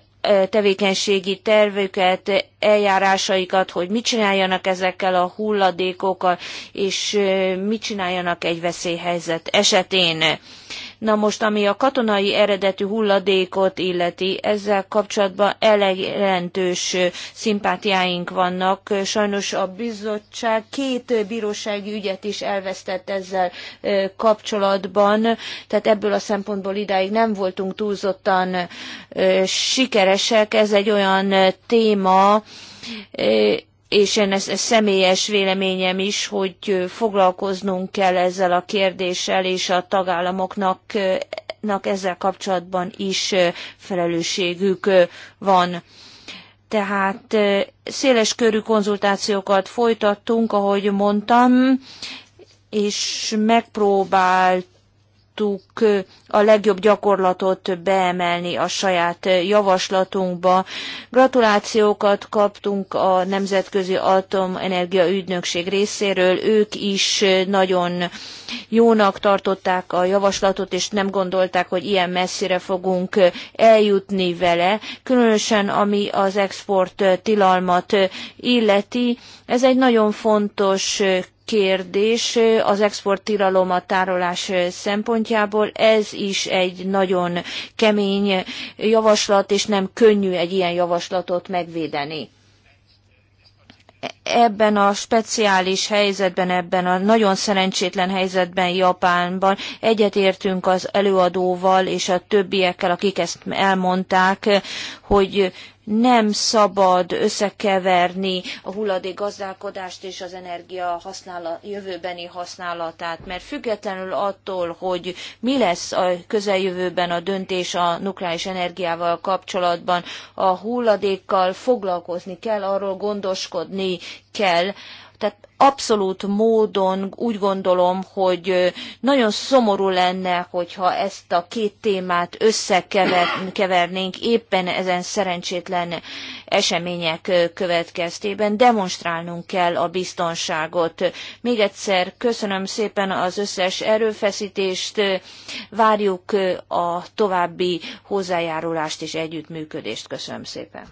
tevékenységi tervüket, eljárásaikat, hogy mit csináljanak ezekkel a hulladékokkal, és mit csináljanak egy veszélyhelyzet esetén. Na most, ami a katonai eredetű hulladékot illeti, ezzel kapcsolatban jelentős szimpátiáink vannak. Sajnos a bizottság két bírósági ügyet is elvesztett ezzel kapcsolatban, tehát ebből a szempontból idáig nem voltunk túlzottan sikeresek. Ez egy olyan téma, és én ez, ez személyes véleményem is, hogy foglalkoznunk kell ezzel a kérdéssel, és a tagállamoknak ezzel kapcsolatban is felelősségük van tehát széles körű konzultációkat folytattunk, ahogy mondtam, és megpróbált tudtuk a legjobb gyakorlatot beemelni a saját javaslatunkba. Gratulációkat kaptunk a Nemzetközi Atomenergia Ügynökség részéről. Ők is nagyon jónak tartották a javaslatot, és nem gondolták, hogy ilyen messzire fogunk eljutni vele, különösen ami az export tilalmat illeti. Ez egy nagyon fontos kérdés az exporttilalom a tárolás szempontjából. Ez is egy nagyon kemény javaslat, és nem könnyű egy ilyen javaslatot megvédeni ebben a speciális helyzetben, ebben a nagyon szerencsétlen helyzetben Japánban egyetértünk az előadóval és a többiekkel, akik ezt elmondták, hogy nem szabad összekeverni a hulladék gazdálkodást és az energia használat, jövőbeni használatát, mert függetlenül attól, hogy mi lesz a közeljövőben a döntés a nukleáris energiával kapcsolatban, a hulladékkal foglalkozni kell, arról gondoskodni kell, tehát abszolút módon úgy gondolom, hogy nagyon szomorú lenne, hogyha ezt a két témát összekevernénk éppen ezen szerencsétlen események következtében. Demonstrálnunk kell a biztonságot. Még egyszer köszönöm szépen az összes erőfeszítést, várjuk a további hozzájárulást és együttműködést. Köszönöm szépen.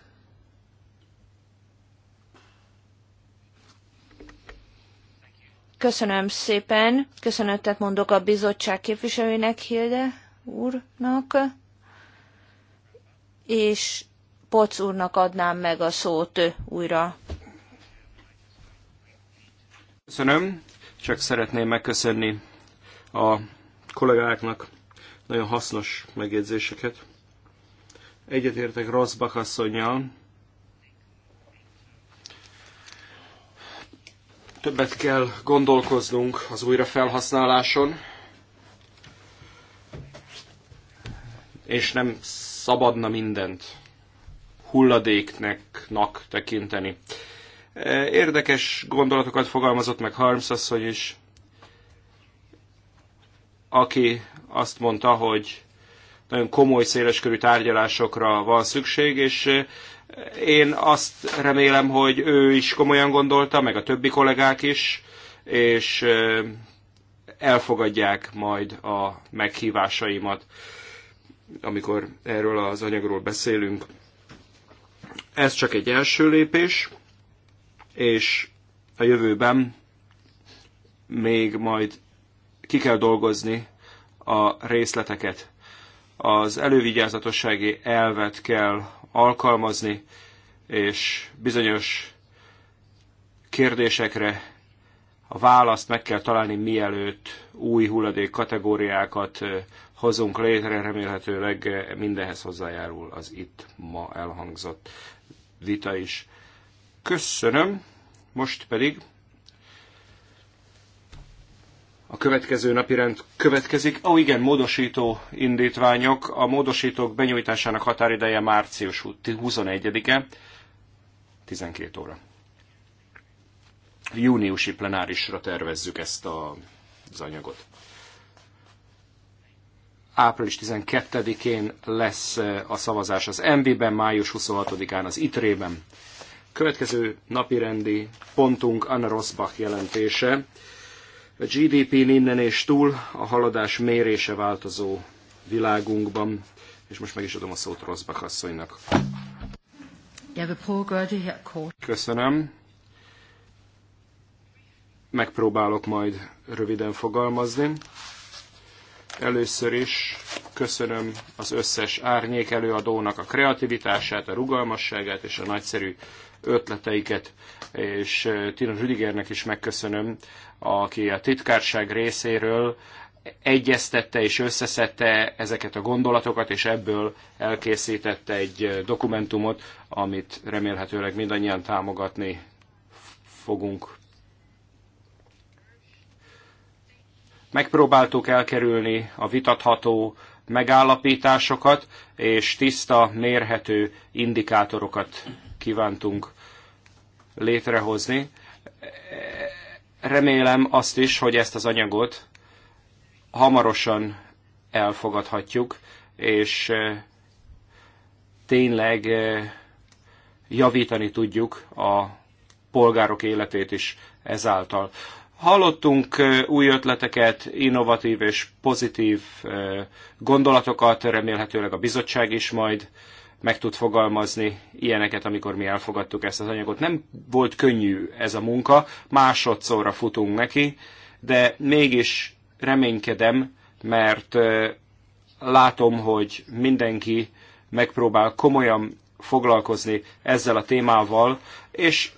Köszönöm szépen, köszönetet mondok a bizottság képviselőinek, Hilde úrnak, és Poc úrnak adnám meg a szót újra. Köszönöm, csak szeretném megköszönni a kollégáknak nagyon hasznos megjegyzéseket. Egyetértek Rosbach asszonynal, Többet kell gondolkoznunk az újrafelhasználáson, és nem szabadna mindent hulladéknek tekinteni. Érdekes gondolatokat fogalmazott meg Harms asszony is, aki azt mondta, hogy nagyon komoly, széleskörű tárgyalásokra van szükség, és én azt remélem, hogy ő is komolyan gondolta, meg a többi kollégák is, és elfogadják majd a meghívásaimat, amikor erről az anyagról beszélünk. Ez csak egy első lépés, és a jövőben még majd ki kell dolgozni a részleteket. Az elővigyázatossági elvet kell alkalmazni, és bizonyos kérdésekre a választ meg kell találni, mielőtt új hulladék kategóriákat hozunk létre, remélhetőleg mindenhez hozzájárul az itt ma elhangzott vita is. Köszönöm, most pedig a következő napi rend következik. Ó, oh, igen, módosító indítványok. A módosítók benyújtásának határideje március 21-e, 12 óra. Júniusi plenárisra tervezzük ezt a, az anyagot. Április 12-én lesz eh, a szavazás az MB-ben, május 26-án az ITRE-ben. Következő napirendi pontunk Anna Rosbach jelentése a GDP-n innen és túl a haladás mérése változó világunkban, és most meg is adom a szót Rosbach asszonynak. Köszönöm. Megpróbálok majd röviden fogalmazni. Először is köszönöm az összes árnyék előadónak a kreativitását, a rugalmasságát és a nagyszerű ötleteiket, és eh, Tina Rüdigernek is megköszönöm, aki a titkárság részéről egyeztette és összeszedte ezeket a gondolatokat, és ebből elkészítette egy eh, dokumentumot, amit remélhetőleg mindannyian támogatni fogunk. Megpróbáltuk elkerülni a vitatható megállapításokat, és tiszta, mérhető indikátorokat kívántunk létrehozni. Remélem azt is, hogy ezt az anyagot hamarosan elfogadhatjuk, és eh, tényleg eh, javítani tudjuk a polgárok életét is ezáltal. Hallottunk új ötleteket, innovatív és pozitív gondolatokat, remélhetőleg a bizottság is majd meg tud fogalmazni ilyeneket, amikor mi elfogadtuk ezt az anyagot. Nem volt könnyű ez a munka, másodszorra futunk neki, de mégis reménykedem, mert látom, hogy mindenki megpróbál komolyan foglalkozni ezzel a témával, és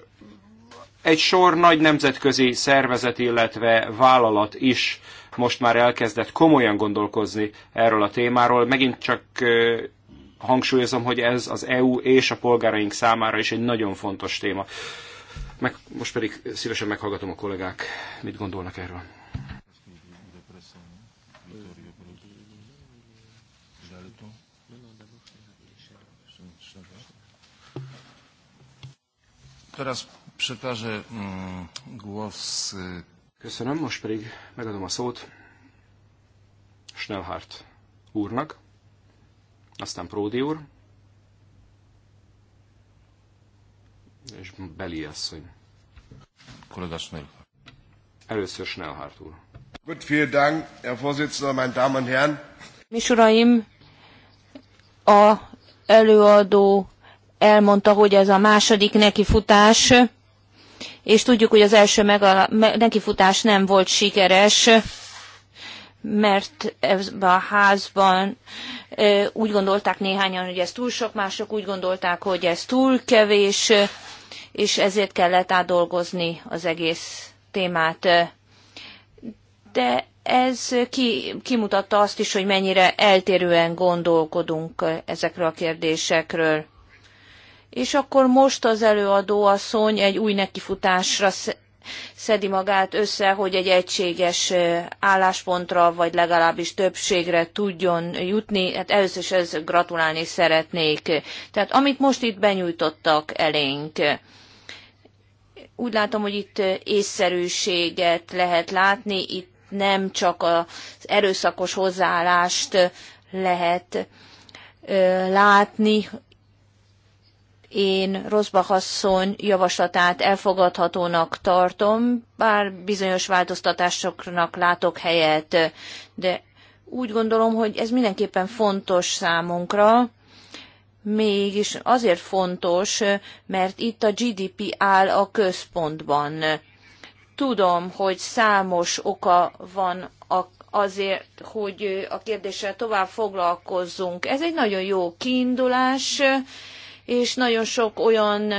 egy sor nagy nemzetközi szervezet, illetve vállalat is most már elkezdett komolyan gondolkozni erről a témáról. Megint csak hangsúlyozom, hogy ez az EU és a polgáraink számára is egy nagyon fontos téma. Meg, most pedig szívesen meghallgatom a kollégák, mit gondolnak erről. Teraz Przekażę mm, głos... Köszönöm, most pedig megadom a szót Schnellhardt úrnak, aztán Pródi úr, és Beli asszony. Kollega Schnellhardt. Először Schnellhardt úr. Gut, vielen Dank, Herr Vorsitzender, meine Damen und Herren. Mis uraim, a előadó elmondta, hogy ez a második neki futás és tudjuk, hogy az első megala- nekifutás nem volt sikeres, mert ebben a házban úgy gondolták néhányan, hogy ez túl sok, mások úgy gondolták, hogy ez túl kevés, és ezért kellett átdolgozni az egész témát. De ez ki, kimutatta azt is, hogy mennyire eltérően gondolkodunk ezekről a kérdésekről és akkor most az előadó asszony egy új nekifutásra szedi magát össze, hogy egy egységes álláspontra, vagy legalábbis többségre tudjon jutni. Hát először is ez gratulálni szeretnék. Tehát amit most itt benyújtottak elénk, úgy látom, hogy itt észszerűséget lehet látni, itt nem csak az erőszakos hozzáállást lehet látni, én Rosbach asszony javaslatát elfogadhatónak tartom, bár bizonyos változtatásoknak látok helyet, de úgy gondolom, hogy ez mindenképpen fontos számunkra, mégis azért fontos, mert itt a GDP áll a központban. Tudom, hogy számos oka van azért, hogy a kérdéssel tovább foglalkozzunk. Ez egy nagyon jó kiindulás, és nagyon sok olyan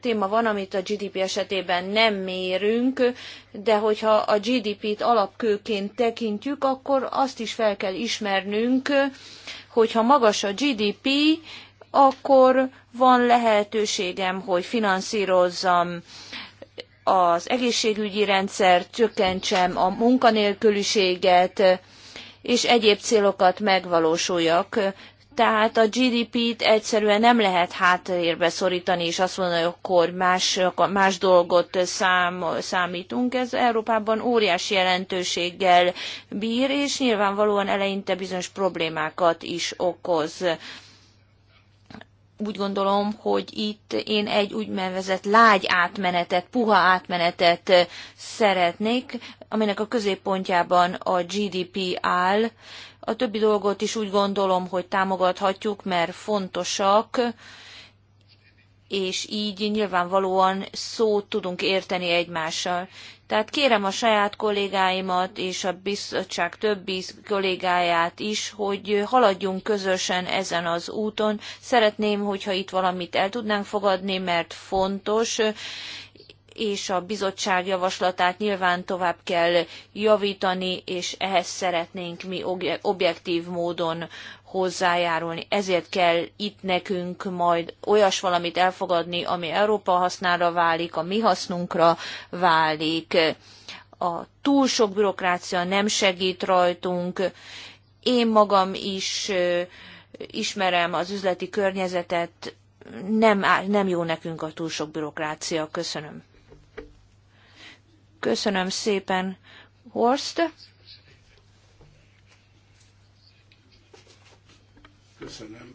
téma van, amit a GDP esetében nem mérünk, de hogyha a GDP-t alapkőként tekintjük, akkor azt is fel kell ismernünk, hogyha magas a GDP, akkor van lehetőségem, hogy finanszírozzam az egészségügyi rendszert, csökkentsem a munkanélküliséget, és egyéb célokat megvalósuljak tehát a GDP-t egyszerűen nem lehet háttérbe szorítani, és azt mondani, hogy akkor más, más dolgot szám, számítunk. Ez Európában óriási jelentőséggel bír, és nyilvánvalóan eleinte bizonyos problémákat is okoz úgy gondolom, hogy itt én egy úgynevezett lágy átmenetet, puha átmenetet szeretnék, aminek a középpontjában a GDP áll, a többi dolgot is úgy gondolom, hogy támogathatjuk, mert fontosak, és így nyilvánvalóan szót tudunk érteni egymással. Tehát kérem a saját kollégáimat és a bizottság többi kollégáját is, hogy haladjunk közösen ezen az úton. Szeretném, hogyha itt valamit el tudnánk fogadni, mert fontos, és a bizottság javaslatát nyilván tovább kell javítani, és ehhez szeretnénk mi objektív módon hozzájárulni. Ezért kell itt nekünk majd olyas valamit elfogadni, ami Európa hasznára válik, a mi hasznunkra válik. A túl sok bürokrácia nem segít rajtunk. Én magam is ismerem az üzleti környezetet, nem, nem jó nekünk a túl sok bürokrácia. Köszönöm. Köszönöm szépen, Horst. Köszönöm.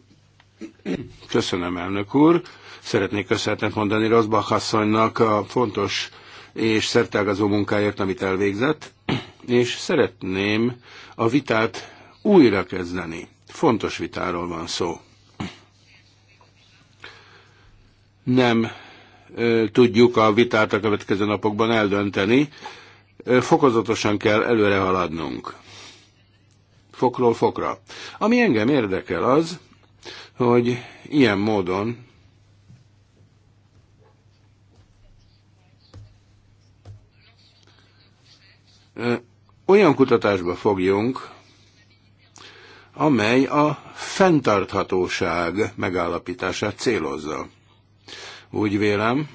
Köszönöm, elnök úr. Szeretnék köszönetet mondani Rosbach asszonynak a fontos és szertágazó munkáért, amit elvégzett, és szeretném a vitát újra kezdeni. Fontos vitáról van szó. Nem tudjuk a vitát a következő napokban eldönteni. Fokozatosan kell előre haladnunk. Fokról fokra. Ami engem érdekel az, hogy ilyen módon olyan kutatásba fogjunk, amely a fenntarthatóság megállapítását célozza úgy vélem.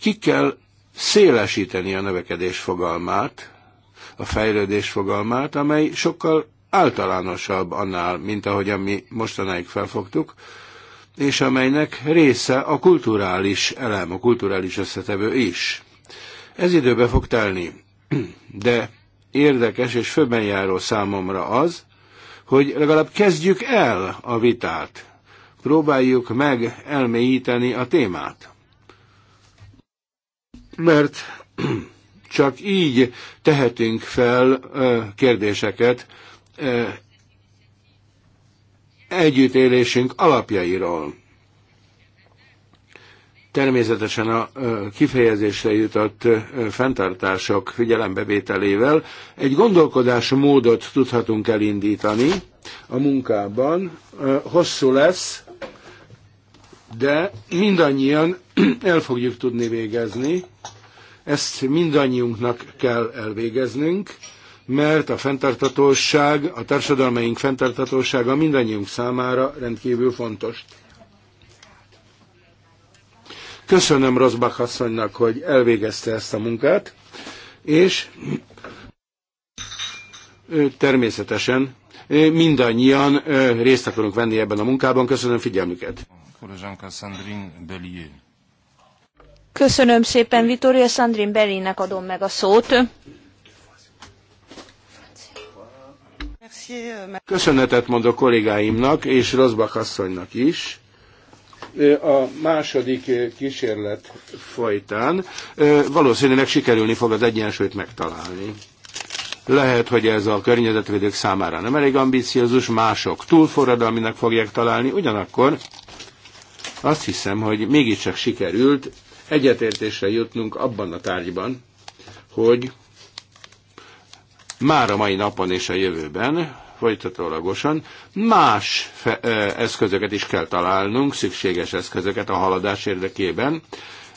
Ki kell szélesíteni a növekedés fogalmát, a fejlődés fogalmát, amely sokkal általánosabb annál, mint ahogyan mi mostanáig felfogtuk, és amelynek része a kulturális elem, a kulturális összetevő is. Ez időbe fog telni, de érdekes és főben járó számomra az, hogy legalább kezdjük el a vitát próbáljuk meg elmélyíteni a témát. Mert <clears throat> csak így tehetünk fel kérdéseket együttélésünk alapjairól. Természetesen a kifejezésre jutott fenntartások figyelembevételével egy gondolkodásmódot tudhatunk elindítani a munkában. Hosszú lesz, de mindannyian <clears throat> el fogjuk tudni végezni, ezt mindannyiunknak kell elvégeznünk, mert a fenntartatóság, a társadalmaink fenntartatósága mindannyiunk számára rendkívül fontos. Köszönöm Rosbach asszonynak, hogy elvégezte ezt a munkát, és természetesen mindannyian részt akarunk venni ebben a munkában. Köszönöm figyelmüket! koleżanka Sandrine Bellier. Köszönöm szépen, Vittoria Sandrin Bellinnek adom meg a szót. Köszönetet mondok kollégáimnak és Rozbak asszonynak is. A második kísérlet folytán valószínűleg sikerülni fog az egyensúlyt megtalálni. Lehet, hogy ez a környezetvédők számára nem elég ambiciózus, mások túlforradalminak fogják találni, ugyanakkor azt hiszem, hogy mégiscsak sikerült egyetértésre jutnunk abban a tárgyban, hogy már a mai napon és a jövőben folytatólagosan más fe, ö, eszközöket is kell találnunk, szükséges eszközöket a haladás érdekében,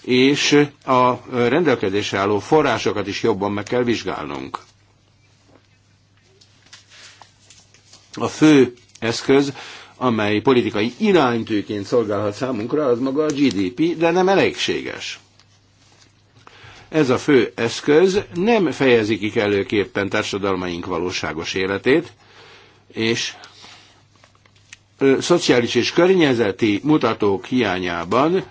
és a rendelkezésre álló forrásokat is jobban meg kell vizsgálnunk. A fő eszköz amely politikai iránytőként szolgálhat számunkra, az maga a GDP, de nem elégséges. Ez a fő eszköz nem fejezi ki előképpen társadalmaink valóságos életét, és ö, szociális és környezeti mutatók hiányában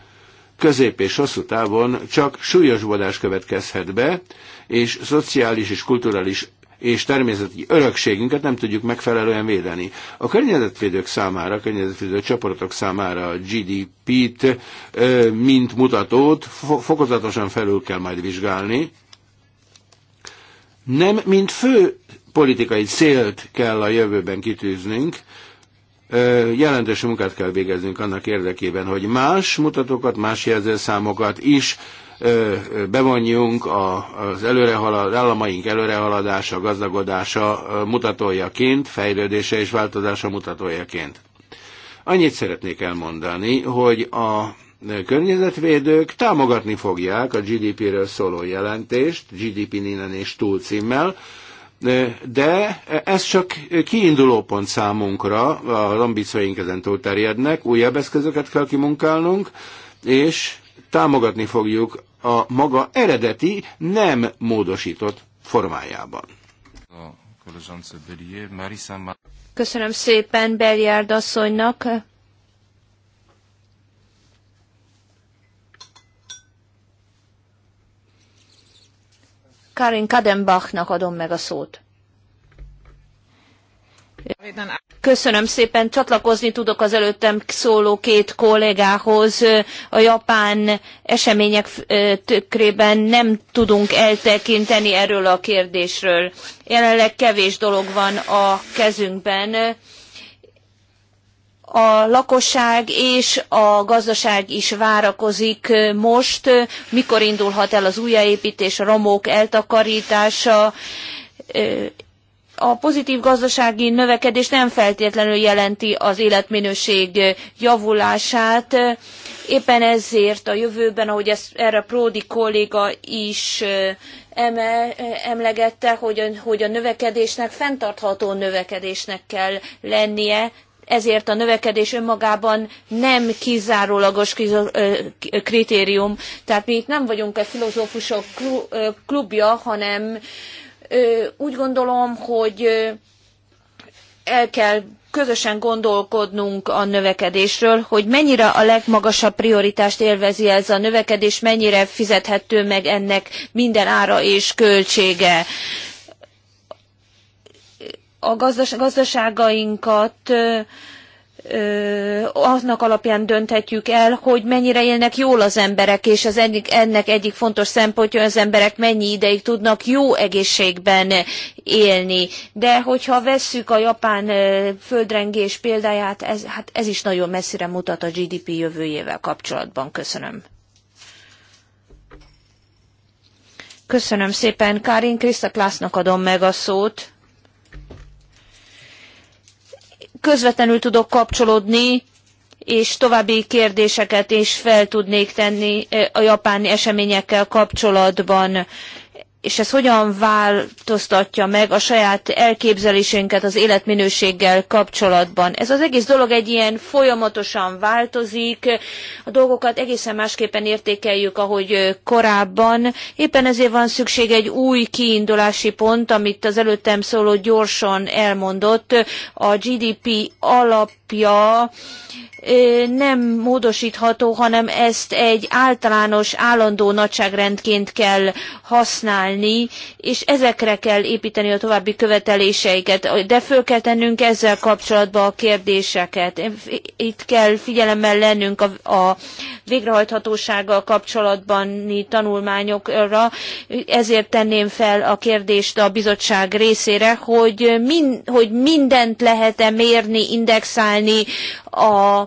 közép és hosszú távon csak súlyosbodás következhet be, és szociális és kulturális és természeti örökségünket nem tudjuk megfelelően védeni. A környezetvédők számára, a környezetvédő csoportok számára a GDP-t, mint mutatót fokozatosan felül kell majd vizsgálni. Nem, mint fő politikai célt kell a jövőben kitűznünk, jelentős munkát kell végeznünk annak érdekében, hogy más mutatókat, más jelzőszámokat is bevonjunk az előrehalad, államaink előrehaladása, gazdagodása mutatójaként, fejlődése és változása mutatójaként. Annyit szeretnék elmondani, hogy a környezetvédők támogatni fogják a GDP-ről szóló jelentést, GDP Ninen és Túl címmel, de ez csak kiinduló pont számunkra, a ambícióink ezen terjednek, újabb eszközöket kell kimunkálnunk, és támogatni fogjuk a maga eredeti, nem módosított formájában. Köszönöm szépen Beliárd asszonynak. Karin Kadenbachnak adom meg a szót. Köszönöm szépen, csatlakozni tudok az előttem szóló két kollégához. A japán események tükrében nem tudunk eltekinteni erről a kérdésről. Jelenleg kevés dolog van a kezünkben. A lakosság és a gazdaság is várakozik most, mikor indulhat el az újjáépítés, a romok eltakarítása, a pozitív gazdasági növekedés nem feltétlenül jelenti az életminőség javulását. Éppen ezért a jövőben, ahogy ezt erre Pródi kolléga is emlegette, hogy a, hogy a növekedésnek fenntartható növekedésnek kell lennie, ezért a növekedés önmagában nem kizárólagos kritérium. Tehát mi itt nem vagyunk a filozófusok klubja, hanem úgy gondolom, hogy el kell közösen gondolkodnunk a növekedésről, hogy mennyire a legmagasabb prioritást élvezi ez a növekedés, mennyire fizethető meg ennek minden ára és költsége. A gazdaságainkat annak alapján dönthetjük el, hogy mennyire élnek jól az emberek, és az ennek, ennek egyik fontos szempontja, az emberek mennyi ideig tudnak jó egészségben élni. De hogyha vesszük a japán földrengés példáját, ez, hát ez is nagyon messzire mutat a GDP jövőjével kapcsolatban. Köszönöm. Köszönöm szépen. Karin Kriszta Klásznak adom meg a szót. közvetlenül tudok kapcsolódni, és további kérdéseket is fel tudnék tenni eh, a japáni eseményekkel kapcsolatban és ez hogyan változtatja meg a saját elképzelésünket az életminőséggel kapcsolatban. Ez az egész dolog egy ilyen folyamatosan változik, a dolgokat egészen másképpen értékeljük, ahogy korábban. Éppen ezért van szükség egy új kiindulási pont, amit az előttem szóló gyorsan elmondott. A GDP alapja nem módosítható, hanem ezt egy általános állandó nagyságrendként kell használni reagálni, és ezekre kell építeni a további követeléseiket, de föl kell tennünk ezzel kapcsolatban a kérdéseket. Itt kell figyelemmel lennünk a, a végrehajthatósággal kapcsolatbani tanulmányokra, ezért tenném fel a kérdést a bizottság részére, hogy, min, hogy mindent lehet-e mérni, indexálni a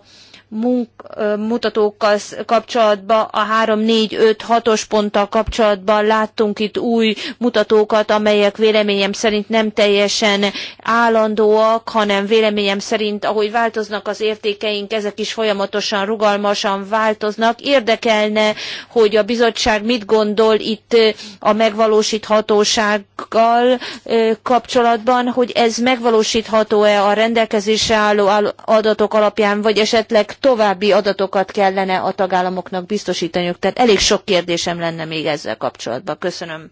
munk- mutatókkal kapcsolatban, a 3, 4, 5, 6-os ponttal kapcsolatban láttunk itt új mutatókat, amelyek véleményem szerint nem teljesen állandóak, hanem véleményem szerint, ahogy változnak az értékeink, ezek is folyamatosan, rugalmasan változnak. Érdekelne, hogy a bizottság mit gondol itt a megvalósíthatósággal kapcsolatban, hogy ez megvalósítható-e a rendelkezésre álló adatok alapján, vagy esetleg további adatokat kellene a tagállamoknak biztostaniuk Tehát elég sok kérdésem lenne még ezzel kapcsolatban. Köszönöm.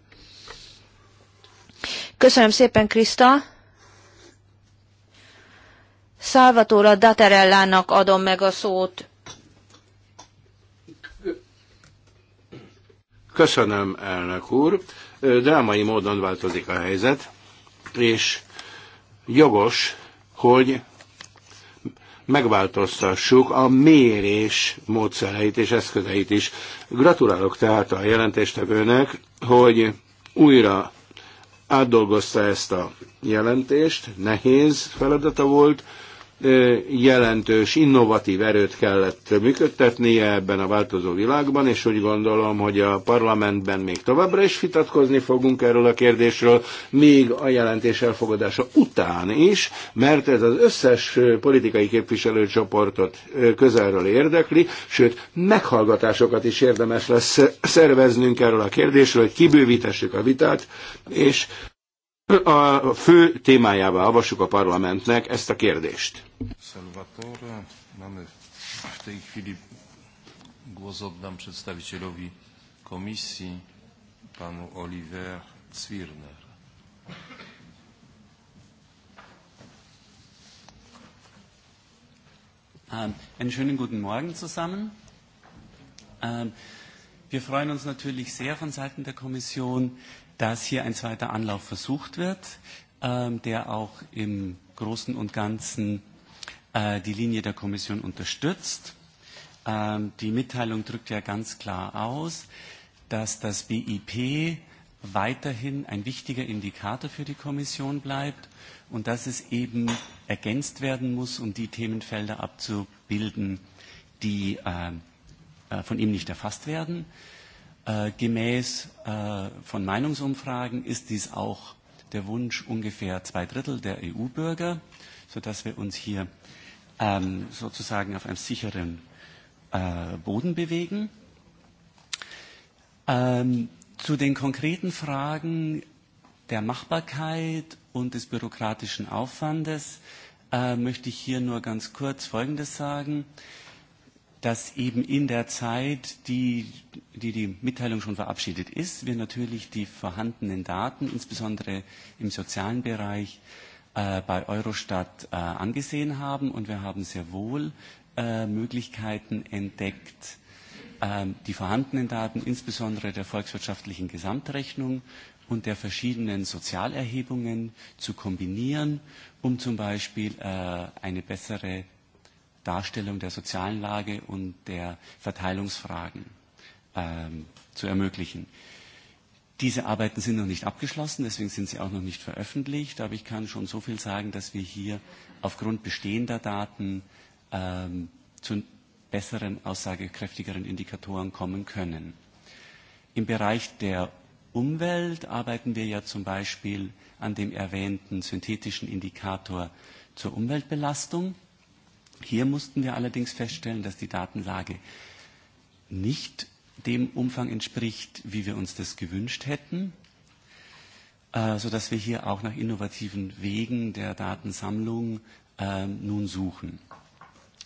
Köszönöm szépen, Kriszta. Salvatore Daterellának adom meg a szót. Köszönöm, elnök úr. Drámai módon változik a helyzet, és jogos, hogy megváltoztassuk a mérés módszereit és eszközeit is. Gratulálok tehát a jelentéstevőnek, hogy újra átdolgozta ezt a jelentést, nehéz feladata volt, jelentős, innovatív erőt kellett működtetnie ebben a változó világban, és úgy gondolom, hogy a parlamentben még továbbra is vitatkozni fogunk erről a kérdésről, még a jelentés elfogadása után is, mert ez az összes politikai képviselőcsoportot közelről érdekli, sőt, meghallgatásokat is érdemes lesz szerveznünk erről a kérdésről, hogy kibővítessük a vitát, és a fő témájává avassuk a parlamentnek ezt a kérdést. Salvatore, mamy w tej chwili głos oddam przedstawicielowi komisji, panu Oliver Zwirner. Ähm, einen schönen guten Morgen zusammen. Ähm, wir freuen uns natürlich sehr von Seiten der Kommission, dass hier ein zweiter Anlauf versucht wird, äh, der auch im Großen und Ganzen äh, die Linie der Kommission unterstützt. Ähm, die Mitteilung drückt ja ganz klar aus, dass das BIP weiterhin ein wichtiger Indikator für die Kommission bleibt und dass es eben ergänzt werden muss, um die Themenfelder abzubilden, die äh, äh von ihm nicht erfasst werden. Äh, Äh, gemäß äh, von Meinungsumfragen ist dies auch der Wunsch ungefähr zwei Drittel der EU-Bürger, sodass wir uns hier ähm, sozusagen auf einem sicheren äh, Boden bewegen. Ähm, zu den konkreten Fragen der Machbarkeit und des bürokratischen Aufwandes äh, möchte ich hier nur ganz kurz Folgendes sagen dass eben in der Zeit, die, die die Mitteilung schon verabschiedet ist, wir natürlich die vorhandenen Daten, insbesondere im sozialen Bereich, äh, bei Eurostat äh, angesehen haben. Und wir haben sehr wohl äh, Möglichkeiten entdeckt, äh, die vorhandenen Daten, insbesondere der volkswirtschaftlichen Gesamtrechnung und der verschiedenen Sozialerhebungen zu kombinieren, um zum Beispiel äh, eine bessere Darstellung der sozialen Lage und der Verteilungsfragen ähm, zu ermöglichen. Diese Arbeiten sind noch nicht abgeschlossen, deswegen sind sie auch noch nicht veröffentlicht, aber ich kann schon so viel sagen, dass wir hier aufgrund bestehender Daten ähm, zu besseren, aussagekräftigeren Indikatoren kommen können. Im Bereich der Umwelt arbeiten wir ja zum Beispiel an dem erwähnten synthetischen Indikator zur Umweltbelastung. Hier mussten wir allerdings feststellen, dass die Datenlage nicht dem Umfang entspricht, wie wir uns das gewünscht hätten, äh, sodass wir hier auch nach innovativen Wegen der Datensammlung ähm, nun suchen.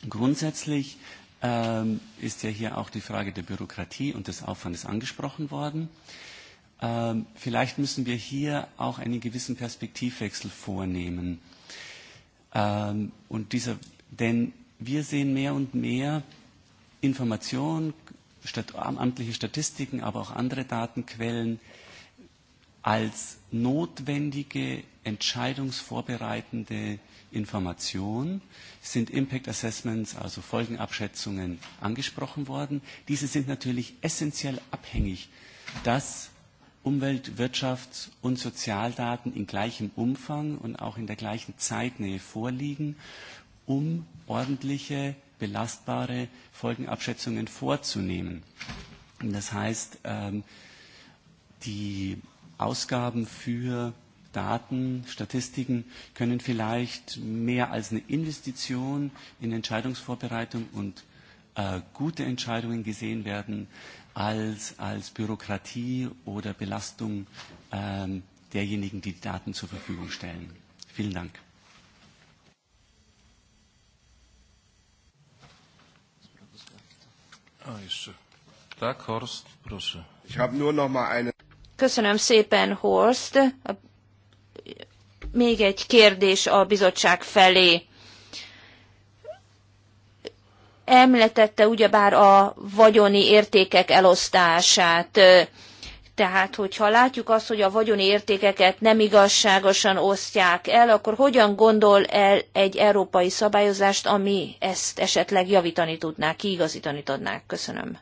Grundsätzlich ähm, ist ja hier auch die Frage der Bürokratie und des Aufwandes angesprochen worden. Ähm, vielleicht müssen wir hier auch einen gewissen Perspektivwechsel vornehmen. Und dieser Denn wir sehen mehr und mehr Informationen, stat amtliche Statistiken, aber auch andere Datenquellen als notwendige entscheidungsvorbereitende Informationen. sind Impact Assessments, also Folgenabschätzungen, angesprochen worden. Diese sind natürlich essentiell abhängig, dass Umwelt-, Wirtschafts- und Sozialdaten in gleichem Umfang und auch in der gleichen Zeitnähe vorliegen um ordentliche, belastbare Folgenabschätzungen vorzunehmen. Und Das heißt, ähm, die Ausgaben für Daten, Statistiken können vielleicht mehr als eine Investition in Entscheidungsvorbereitung und äh, gute Entscheidungen gesehen werden als, als Bürokratie oder Belastung ähm, derjenigen, die die Daten zur Verfügung stellen. Vielen Dank. Ah, eh, tak, Horst, proszę. Ich habe nur noch mal eine... Köszönöm szépen, Horst. Még egy kérdés a bizottság felé. Emletette ugyebár a vagyoni értékek elosztását. Tehát, hogyha látjuk azt, hogy a vagyoni értékeket nem igazságosan osztják el, akkor hogyan gondol el egy európai szabályozást, ami ezt esetleg javítani tudná, kiigazítani tudná? Köszönöm.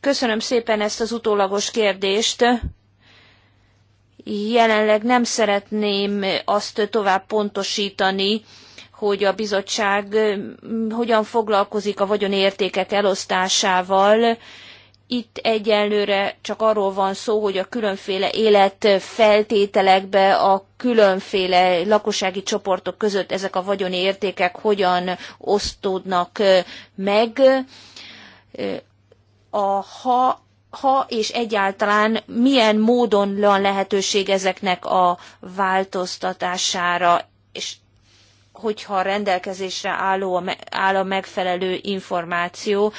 Köszönöm szépen ezt az utólagos kérdést. Jelenleg nem szeretném azt tovább pontosítani, hogy a bizottság hogyan foglalkozik a vagyonértékek elosztásával. Itt egyelőre csak arról van szó, hogy a különféle életfeltételekbe, a különféle lakossági csoportok között ezek a vagyonértékek hogyan osztódnak meg. A, ha ha és egyáltalán milyen módon van lehetőség ezeknek a változtatására, és hogyha a rendelkezésre álló, áll a megfelelő információ,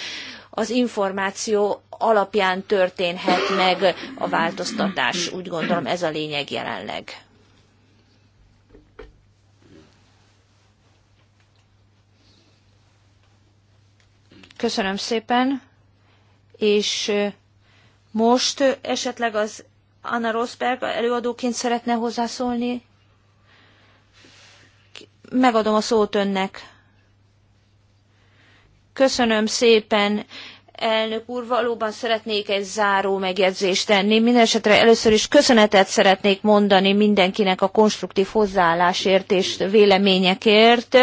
az információ alapján történhet meg a változtatás. Úgy gondolom ez a lényeg jelenleg. Köszönöm szépen, és most esetleg az Anna Rosberg előadóként szeretne hozzászólni? megadom a szót önnek. Köszönöm szépen, elnök úr, valóban szeretnék egy záró megjegyzést tenni. Mindenesetre először is köszönetet szeretnék mondani mindenkinek a konstruktív hozzáállásért és véleményekért.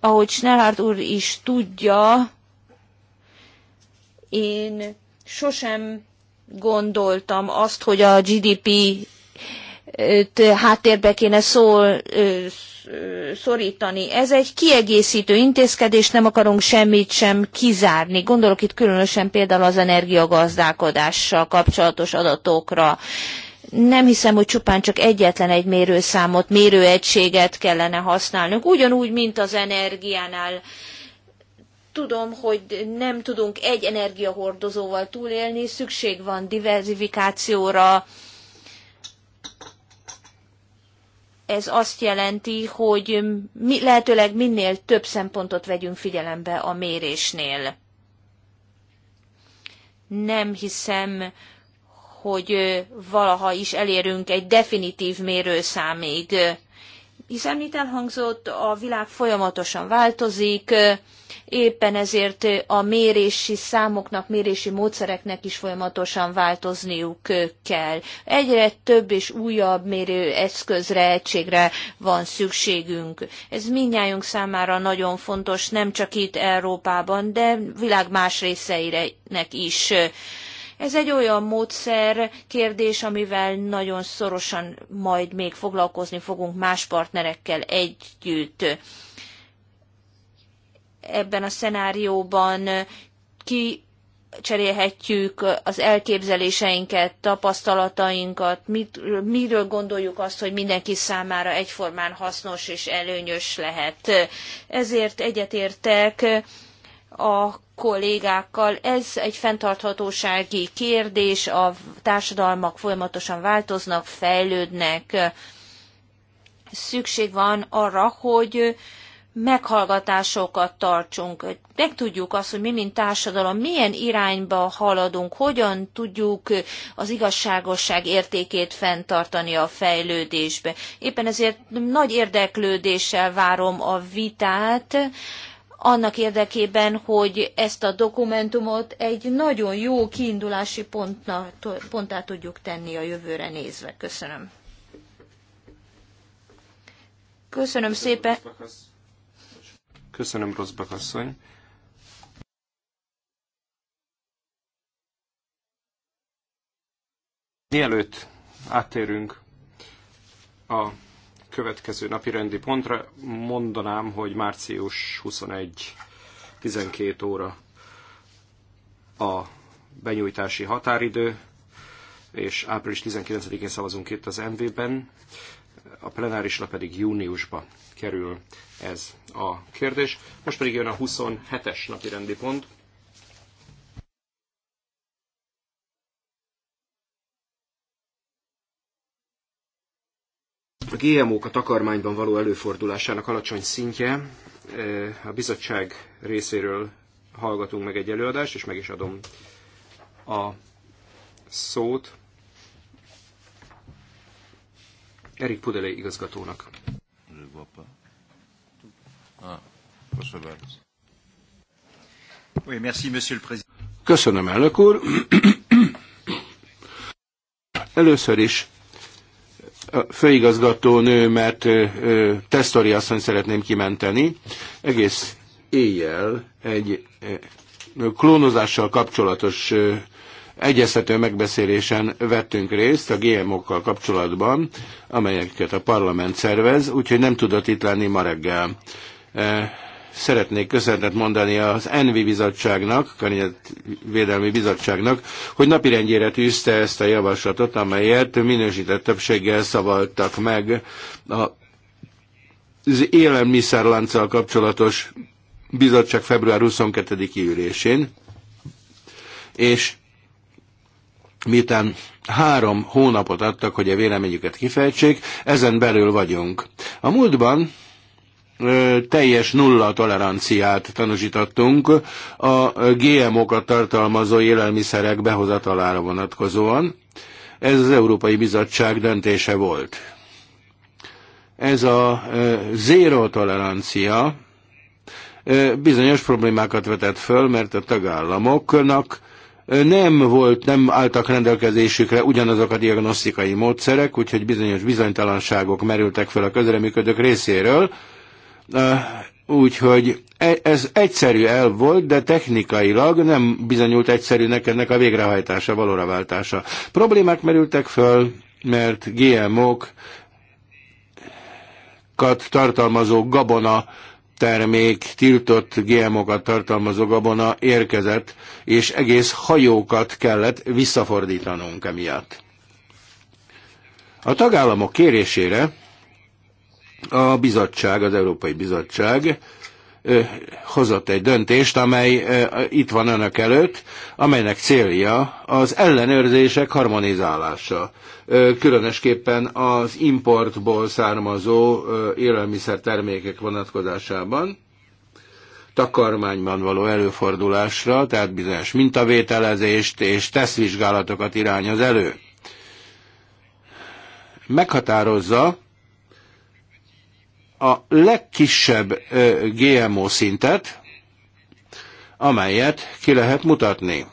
Ahogy Schnellhardt úr is tudja, én sosem gondoltam azt, hogy a GDP háttérbe kéne szól, szorítani. Ez egy kiegészítő intézkedés, nem akarunk semmit sem kizárni. Gondolok itt különösen például az energiagazdálkodással kapcsolatos adatokra. Nem hiszem, hogy csupán csak egyetlen egy mérőszámot, mérőegységet kellene használnunk, ugyanúgy, mint az energiánál tudom, hogy nem tudunk egy energiahordozóval túlélni, szükség van diverzifikációra, ez azt jelenti, hogy mi, lehetőleg minél több szempontot vegyünk figyelembe a mérésnél. Nem hiszem, hogy valaha is elérünk egy definitív mérőszámig hiszen mint elhangzott, a világ folyamatosan változik, éppen ezért a mérési számoknak, mérési módszereknek is folyamatosan változniuk kell. Egyre több és újabb mérőeszközre, egységre van szükségünk. Ez mindnyájunk számára nagyon fontos, nem csak itt Európában, de világ más részeinek is ez egy olyan módszer kérdés, amivel nagyon szorosan majd még foglalkozni fogunk más partnerekkel együtt. Ebben a szenárióban ki cserélhetjük az elképzeléseinket, tapasztalatainkat, mit, miről gondoljuk azt, hogy mindenki számára egyformán hasznos és előnyös lehet. Ezért egyetértek a kollégákkal. Ez egy fenntarthatósági kérdés, a társadalmak folyamatosan változnak, fejlődnek. Szükség van arra, hogy meghallgatásokat tartsunk, megtudjuk azt, hogy mi, mint társadalom, milyen irányba haladunk, hogyan tudjuk az igazságosság értékét fenntartani a fejlődésbe. Éppen ezért nagy érdeklődéssel várom a vitát, annak érdekében, hogy ezt a dokumentumot egy nagyon jó kiindulási pontna, ponttá tudjuk tenni a jövőre nézve. Köszönöm. Köszönöm szépen. Köszönöm, Rosszbak asszony. Mielőtt áttérünk a következő napi rendi pontra. Mondanám, hogy március 21 12 óra a benyújtási határidő, és április 19-én szavazunk itt az MV-ben, a plenárisra pedig júniusba kerül ez a kérdés. Most pedig jön a 27-es napi rendi pont. GMO-k a takarmányban való előfordulásának alacsony szintje. E, a bizottság részéről hallgatunk meg egy előadást, és meg is adom a szót Erik Pudelé igazgatónak. Köszönöm, elnök úr. Először is főigazgató nő, mert Tesztori asszony szeretném kimenteni. Egész éjjel egy klónozással kapcsolatos egyeztető megbeszélésen vettünk részt a GMO-kkal kapcsolatban, amelyeket a parlament szervez, úgyhogy nem tudott itt lenni ma reggel szeretnék köszönetet mondani az ENVI bizottságnak, Környezetvédelmi Bizottságnak, hogy napirendjére tűzte ezt a javaslatot, amelyet minősített többséggel szavaltak meg a az élelmiszerlánccal kapcsolatos bizottság február 22-i ülésén, és miután három hónapot adtak, hogy a véleményüket kifejtsék, ezen belül vagyunk. A múltban teljes nulla toleranciát tanúsítottunk a GMO-kat tartalmazó élelmiszerek behozatalára vonatkozóan. Ez az Európai Bizottság döntése volt. Ez a zéró tolerancia bizonyos problémákat vetett föl, mert a tagállamoknak nem volt, nem álltak rendelkezésükre ugyanazok a diagnosztikai módszerek, úgyhogy bizonyos bizonytalanságok merültek fel a közreműködők részéről, Úgyhogy e, ez egyszerű el volt, de technikailag nem bizonyult egyszerűnek ennek a végrehajtása, valóra váltása. Problémák merültek föl, mert gmo GMO-kat tartalmazó gabona termék, tiltott GMO-kat tartalmazó gabona érkezett, és egész hajókat kellett visszafordítanunk emiatt. A tagállamok kérésére a bizottság, az Európai Bizottság hozott egy döntést, amely itt van önök előtt, amelynek célja az ellenőrzések harmonizálása. Különösképpen az importból származó élelmiszertermékek vonatkozásában takarmányban való előfordulásra, tehát bizonyos mintavételezést és tesztvizsgálatokat irányoz elő. Meghatározza, a legkisebb GMO szintet, amelyet ki lehet mutatni.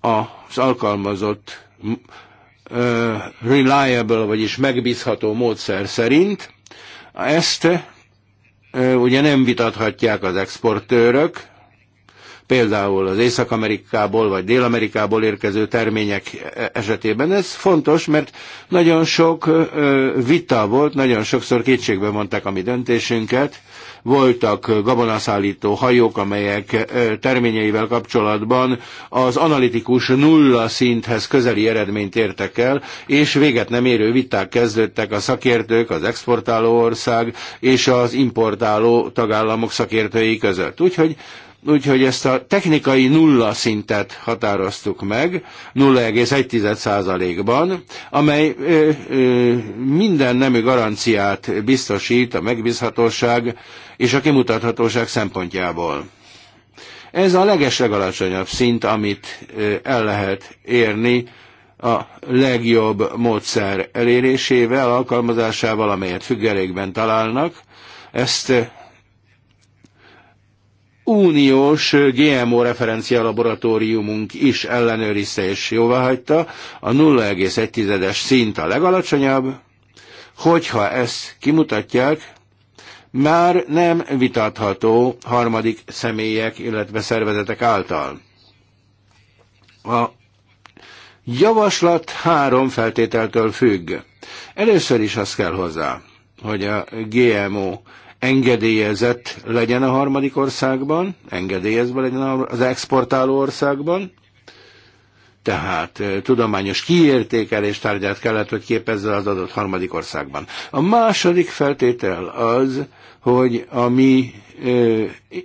Az alkalmazott reliable, vagyis megbízható módszer szerint ezt ugye nem vitathatják az exportőrök, például az Észak-Amerikából vagy Dél-Amerikából érkező termények e- esetében. Ez fontos, mert nagyon sok vita volt, nagyon sokszor kétségbe mondták a mi döntésünket. Voltak gabonaszállító hajók, amelyek terményeivel kapcsolatban az analitikus nulla szinthez közeli eredményt értek el, és véget nem érő viták kezdődtek a szakértők, az exportáló ország és az importáló tagállamok szakértői között. Úgyhogy Úgyhogy ezt a technikai nulla szintet határoztuk meg 0,1%-ban, amely ö, ö, minden nemű garanciát biztosít a megbízhatóság és a kimutathatóság szempontjából. Ez a legeslegalacsonyabb szint, amit el lehet érni a legjobb módszer elérésével, alkalmazásával, amelyet függelékben találnak. Ezt uniós GMO referencialaboratóriumunk is ellenőrizte és jóváhagyta, a 0,1-es szint a legalacsonyabb, hogyha ezt kimutatják, már nem vitatható harmadik személyek, illetve szervezetek által. A javaslat három feltételtől függ. Először is azt kell hozzá, hogy a GMO engedélyezett legyen a harmadik országban, engedélyezve legyen az exportáló országban, tehát tudományos kiértékelés tárgyát kellett, hogy képezze az adott harmadik országban. A második feltétel az, hogy a mi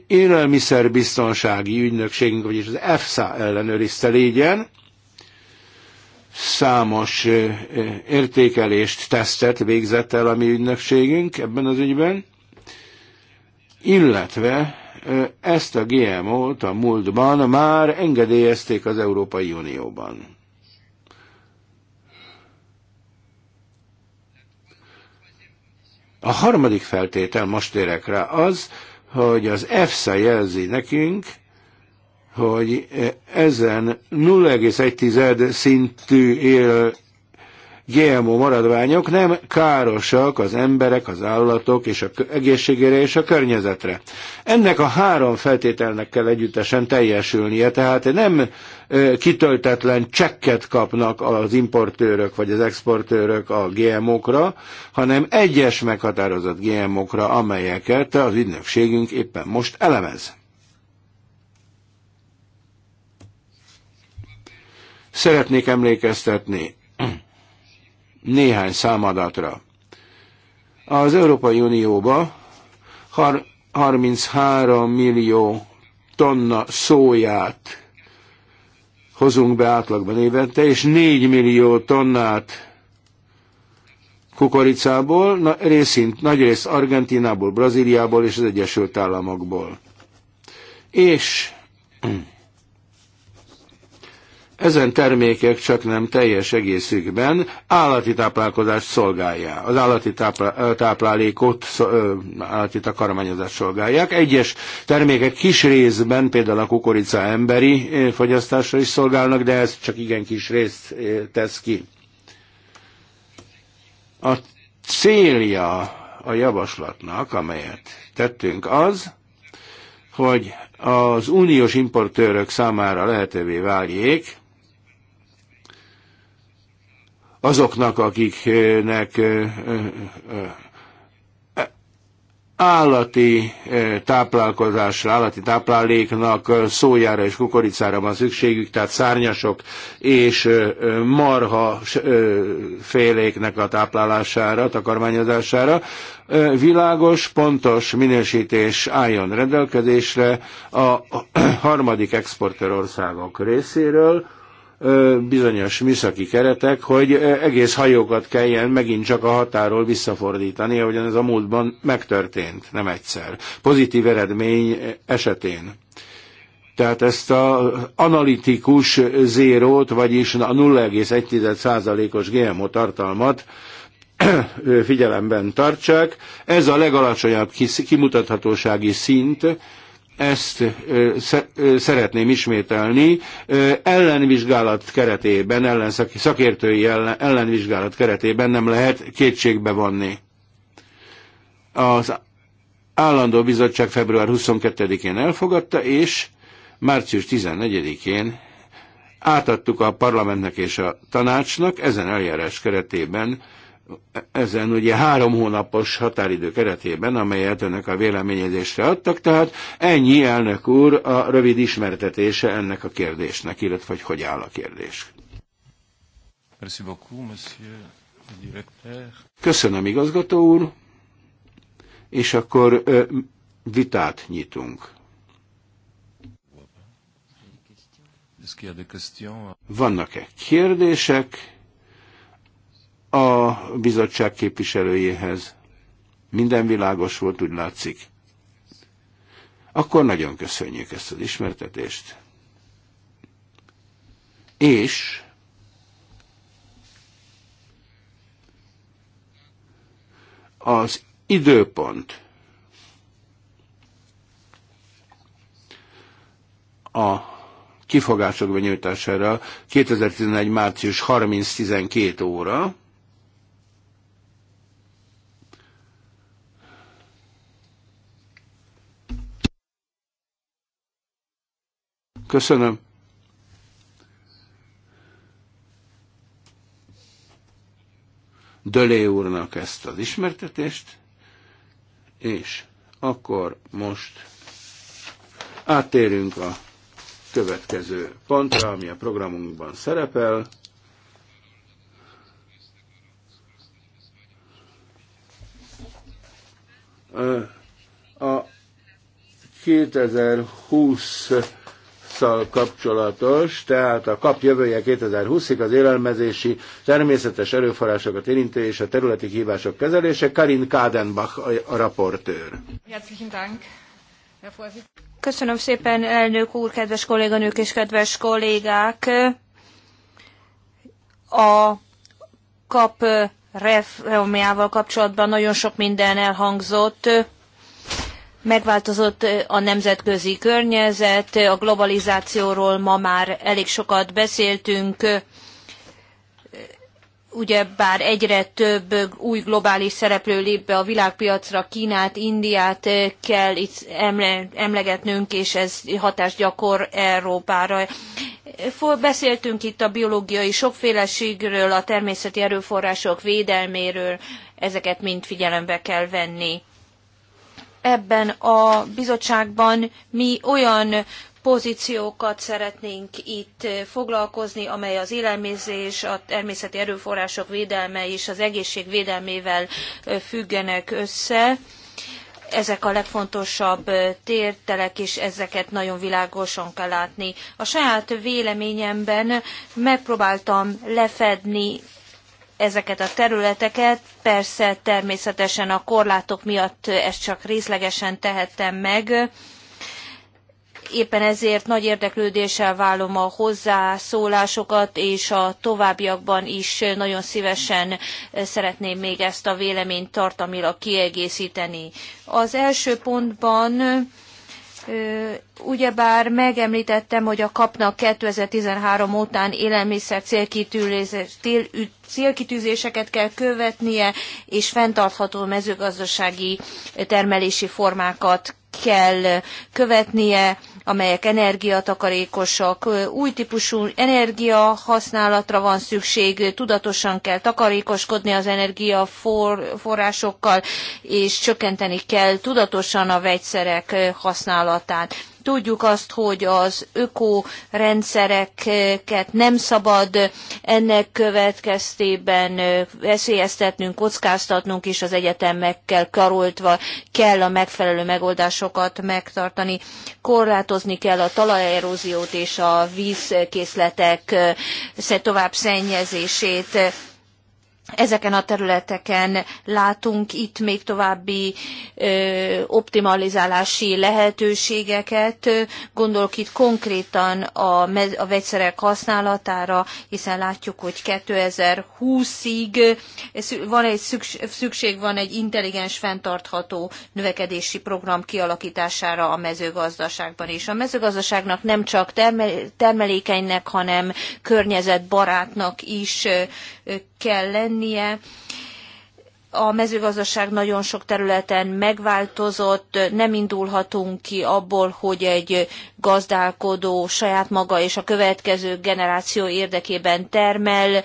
élelmiszerbiztonsági ügynökségünk, vagyis az EFSA ellenőrizte légyen, számos értékelést, tesztet végzett el a mi ügynökségünk ebben az ügyben, illetve ezt a GMO-t a múltban már engedélyezték az Európai Unióban. A harmadik feltétel, most érek rá, az, hogy az EFSA jelzi nekünk, hogy ezen 0,1 szintű él GMO maradványok nem károsak az emberek, az állatok és a egészségére és a környezetre. Ennek a három feltételnek kell együttesen teljesülnie, tehát nem kitöltetlen csekket kapnak az importőrök vagy az exportőrök a GMO-kra, hanem egyes meghatározott GMO-kra, amelyeket az ügynökségünk éppen most elemez. Szeretnék emlékeztetni néhány számadatra. Az Európai Unióba 33 millió tonna szóját hozunk be átlagban évente, és 4 millió tonnát kukoricából, na, részint, nagy nagyrészt Argentinából, Brazíliából és az Egyesült Államokból. És ezen termékek csak nem teljes egészükben állati táplálkozást szolgálják, az állati táplá, táplálékot, állati takarmányozást szolgálják. Egyes termékek kis részben, például a kukorica emberi fogyasztásra is szolgálnak, de ez csak igen kis részt tesz ki. A célja a javaslatnak, amelyet tettünk, az, hogy az uniós importőrök számára lehetővé váljék, azoknak, akiknek állati táplálkozásra, állati tápláléknak szójára és kukoricára van szükségük, tehát szárnyasok és marha féléknek a táplálására, takarmányozására. Világos, pontos minősítés álljon rendelkezésre a harmadik exporter országok részéről, bizonyos műszaki keretek, hogy egész hajókat kelljen megint csak a határól visszafordítani, ahogyan ez a múltban megtörtént, nem egyszer. Pozitív eredmény esetén. Tehát ezt az analitikus zérót, vagyis a 0,1%-os GMO tartalmat figyelemben tartsák. Ez a legalacsonyabb kimutathatósági szint, ezt szeretném ismételni, ellenvizsgálat keretében, ellenszak, szakértői ellen, ellenvizsgálat keretében nem lehet kétségbe vonni. Az állandó bizottság február 22-én elfogadta, és március 14-én átadtuk a parlamentnek és a tanácsnak ezen eljárás keretében ezen ugye három hónapos határidő keretében, amelyet önök a véleményezésre adtak, tehát ennyi elnök úr a rövid ismertetése ennek a kérdésnek, illetve hogy hogy áll a kérdés. Köszönöm, igazgató úr, és akkor vitát nyitunk. Vannak-e kérdések? a bizottság képviselőjéhez. Minden világos volt, úgy látszik. Akkor nagyon köszönjük ezt az ismertetést. És az időpont a kifogások benyújtására 2011. március 30-12 óra, Köszönöm. Dölé úrnak ezt az ismertetést, és akkor most áttérünk a következő pontra, ami a programunkban szerepel. A 2020 kapszal kapcsolatos, tehát a kap jövője 2020-ig az élelmezési természetes erőforrásokat érintő és a területi hívások kezelése. Karin Kádenbach a raportőr. Köszönöm szépen, elnök úr, kedves kolléganők és kedves kollégák! A kap reformjával kapcsolatban nagyon sok minden elhangzott Megváltozott a nemzetközi környezet, a globalizációról ma már elég sokat beszéltünk, ugyebár egyre több új globális szereplő lép be a világpiacra, Kínát, Indiát kell itt emlegetnünk, és ez hatást gyakor Európára. Beszéltünk itt a biológiai sokféleségről, a természeti erőforrások védelméről, ezeket mind figyelembe kell venni ebben a bizottságban mi olyan pozíciókat szeretnénk itt foglalkozni, amely az élelmezés, a természeti erőforrások védelme és az egészség védelmével függenek össze. Ezek a legfontosabb tértelek, és ezeket nagyon világosan kell látni. A saját véleményemben megpróbáltam lefedni ezeket a területeket. Persze természetesen a korlátok miatt ezt csak részlegesen tehettem meg. Éppen ezért nagy érdeklődéssel vállom a hozzászólásokat, és a továbbiakban is nagyon szívesen szeretném még ezt a véleményt tartamilag kiegészíteni. Az első pontban Ugyebár megemlítettem, hogy a kapnak 2013 után élelmiszer célkitűzéseket kell követnie, és fenntartható mezőgazdasági termelési formákat kell követnie, amelyek energiatakarékosak, új típusú energiahasználatra van szükség, tudatosan kell takarékoskodni az energiaforrásokkal, és csökkenteni kell tudatosan a vegyszerek használatát. Tudjuk azt, hogy az ökórendszereket nem szabad ennek következtében veszélyeztetnünk, kockáztatnunk, és az egyetemekkel karoltva kell a megfelelő megoldásokat megtartani. Korlátozni kell a talajeróziót és a vízkészletek tovább szennyezését ezeken a területeken látunk itt még további ö, optimalizálási lehetőségeket. Gondolok itt konkrétan a, mez, a vegyszerek használatára, hiszen látjuk, hogy 2020-ig van egy szükség, szükség van egy intelligens, fenntartható növekedési program kialakítására a mezőgazdaságban is. A mezőgazdaságnak nem csak termelékenynek, hanem környezetbarátnak is kell lennie, a mezőgazdaság nagyon sok területen megváltozott, nem indulhatunk ki abból, hogy egy gazdálkodó saját maga és a következő generáció érdekében termel,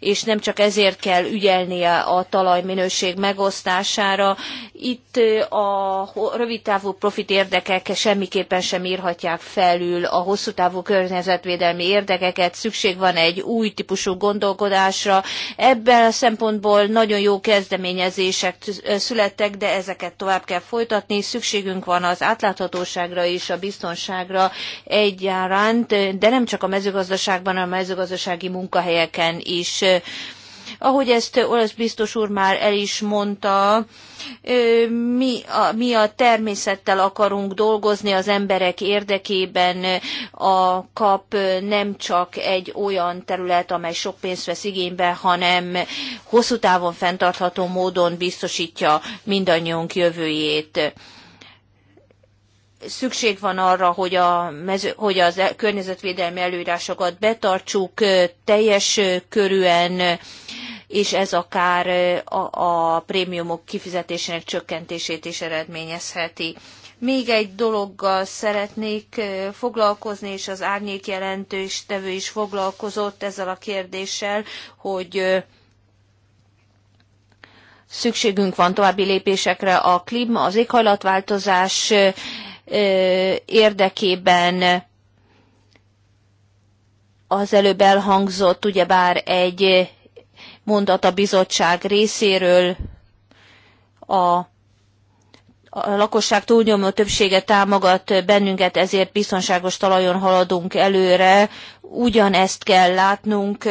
és nem csak ezért kell ügyelnie a talajminőség megosztására. Itt a rövidtávú profit érdekek semmiképpen sem írhatják felül a hosszú távú környezetvédelmi érdekeket. Szükség van egy új típusú gondolkodásra. Ebben a szempontból nagyon jó kezdemény kezdeményezések születtek, de ezeket tovább kell folytatni. Szükségünk van az átláthatóságra és a biztonságra egyaránt, de nem csak a mezőgazdaságban, hanem a mezőgazdasági munkahelyeken is ahogy ezt olasz biztos úr már el is mondta, mi a, mi a természettel akarunk dolgozni az emberek érdekében. A kap nem csak egy olyan terület, amely sok pénzt vesz igénybe, hanem hosszú távon fenntartható módon biztosítja mindannyiunk jövőjét szükség van arra, hogy, a mező, hogy az e- környezetvédelmi előírásokat betartsuk teljes körűen, és ez akár a, a prémiumok kifizetésének csökkentését is eredményezheti. Még egy dologgal szeretnék foglalkozni, és az árnyék jelentős tevő is foglalkozott ezzel a kérdéssel, hogy szükségünk van további lépésekre a klíma, az éghajlatváltozás érdekében az előbb elhangzott ugyebár egy mondat a bizottság részéről a a lakosság túlnyomó többsége támogat bennünket, ezért biztonságos talajon haladunk előre. Ugyanezt kell látnunk,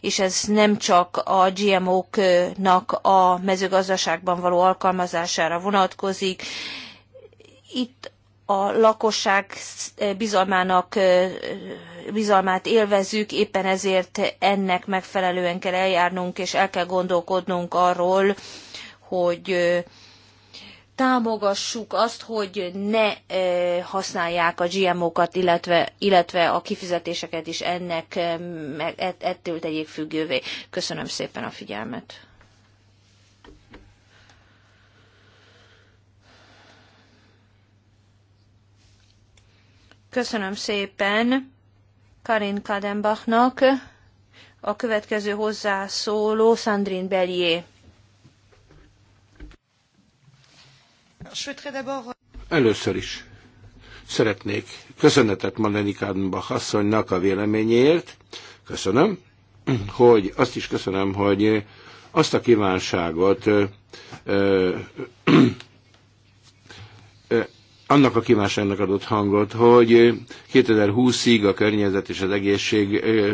és ez nem csak a GMO-knak a mezőgazdaságban való alkalmazására vonatkozik. Itt a lakosság bizalmának bizalmát élvezük, éppen ezért ennek megfelelően kell eljárnunk, és el kell gondolkodnunk arról, hogy támogassuk azt, hogy ne használják a GMO-kat, illetve, illetve a kifizetéseket is ennek, ettől tegyék függővé. Köszönöm szépen a figyelmet. Köszönöm szépen Karin Kadenbachnak. A következő hozzászóló Sandrine Bellier. Először is szeretnék köszönetet mondani Kadenbach asszonynak a véleményért, Köszönöm, hogy azt is köszönöm, hogy azt a kívánságot ö, ö, ö, annak a kívánságnak adott hangot, hogy 2020-ig eh, a környezet és az egészség eh,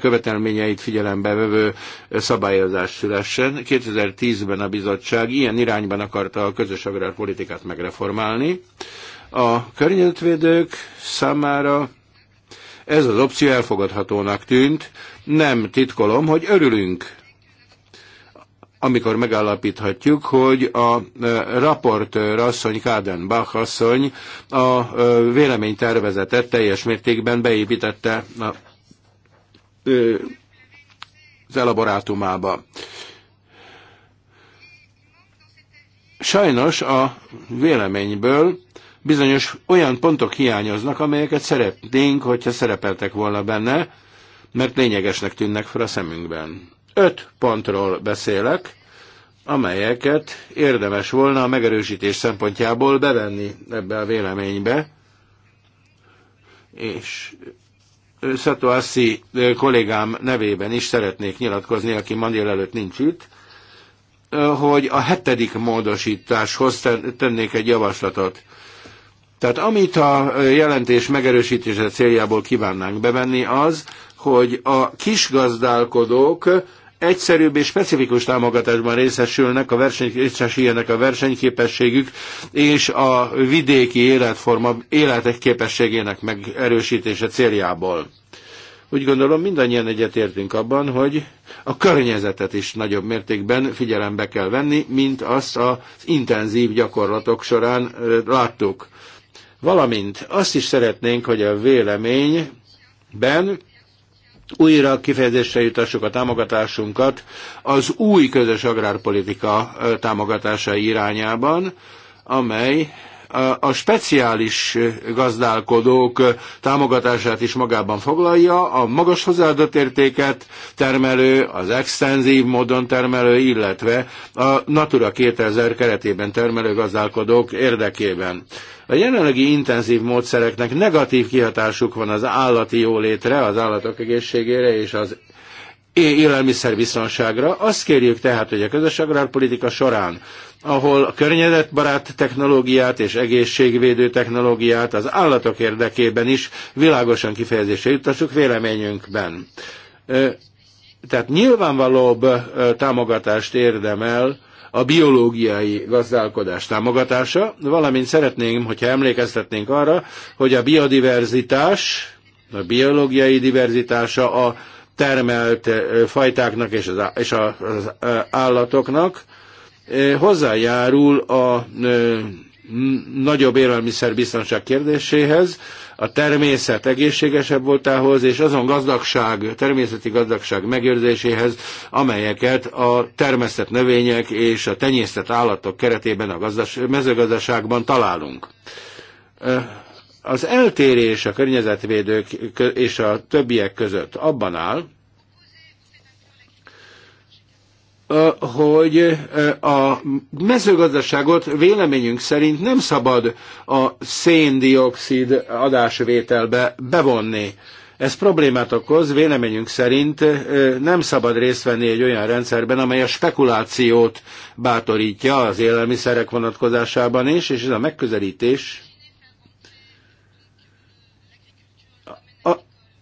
követelményeit figyelembe vevő eh, szabályozás szülessen. 2010-ben a bizottság ilyen irányban akarta a közös agrárpolitikát megreformálni. A környezetvédők számára ez az opció elfogadhatónak tűnt. Nem titkolom, hogy örülünk amikor megállapíthatjuk, hogy a e, raportőr asszony, Bach asszony a e, véleménytervezetet teljes mértékben beépítette a, e, az elaborátumába. Sajnos a véleményből bizonyos olyan pontok hiányoznak, amelyeket szeretnénk, hogyha szerepeltek volna benne, mert lényegesnek tűnnek fel a szemünkben Öt pontról beszélek, amelyeket érdemes volna a megerősítés szempontjából bevenni ebbe a véleménybe, és Szato Assi kollégám nevében is szeretnék nyilatkozni, aki ma előtt nincs itt, hogy a hetedik módosításhoz tennék egy javaslatot. Tehát amit a jelentés megerősítése céljából kívánnánk bevenni az, hogy a kisgazdálkodók egyszerűbb és specifikus támogatásban részesülnek, a verseny, részesüljenek a versenyképességük és a vidéki életforma életek képességének megerősítése céljából. Úgy gondolom mindannyian egyetértünk abban, hogy a környezetet is nagyobb mértékben figyelembe kell venni, mint azt az intenzív gyakorlatok során láttuk. Valamint azt is szeretnénk, hogy a véleményben újra kifejezésre jutassuk a támogatásunkat az új közös agrárpolitika támogatása irányában, amely a speciális gazdálkodók támogatását is magában foglalja, a magas hozzáadott értéket termelő, az extenzív módon termelő, illetve a Natura 2000 keretében termelő gazdálkodók érdekében. A jelenlegi intenzív módszereknek negatív kihatásuk van az állati jólétre, az állatok egészségére és az élelmiszerbiztonságra. Azt kérjük tehát, hogy a közös agrárpolitika során, ahol a környezetbarát technológiát és egészségvédő technológiát az állatok érdekében is világosan kifejezésre juttassuk véleményünkben. Tehát nyilvánvalóbb támogatást érdemel a biológiai gazdálkodás támogatása, valamint szeretném, hogyha emlékeztetnénk arra, hogy a biodiverzitás, a biológiai diverzitása a termelt fajtáknak és az, és az állatoknak hozzájárul a nagyobb élelmiszerbiztonság kérdéséhez, a természet egészségesebb voltához, és azon gazdagság, természeti gazdagság megőrzéséhez, amelyeket a termesztett növények és a tenyésztett állatok keretében a gazdas, mezőgazdaságban találunk. Az eltérés a környezetvédők és a többiek között abban áll, hogy a mezőgazdaságot véleményünk szerint nem szabad a széndiokszid adásvételbe bevonni. Ez problémát okoz, véleményünk szerint nem szabad részt venni egy olyan rendszerben, amely a spekulációt bátorítja az élelmiszerek vonatkozásában is, és ez a megközelítés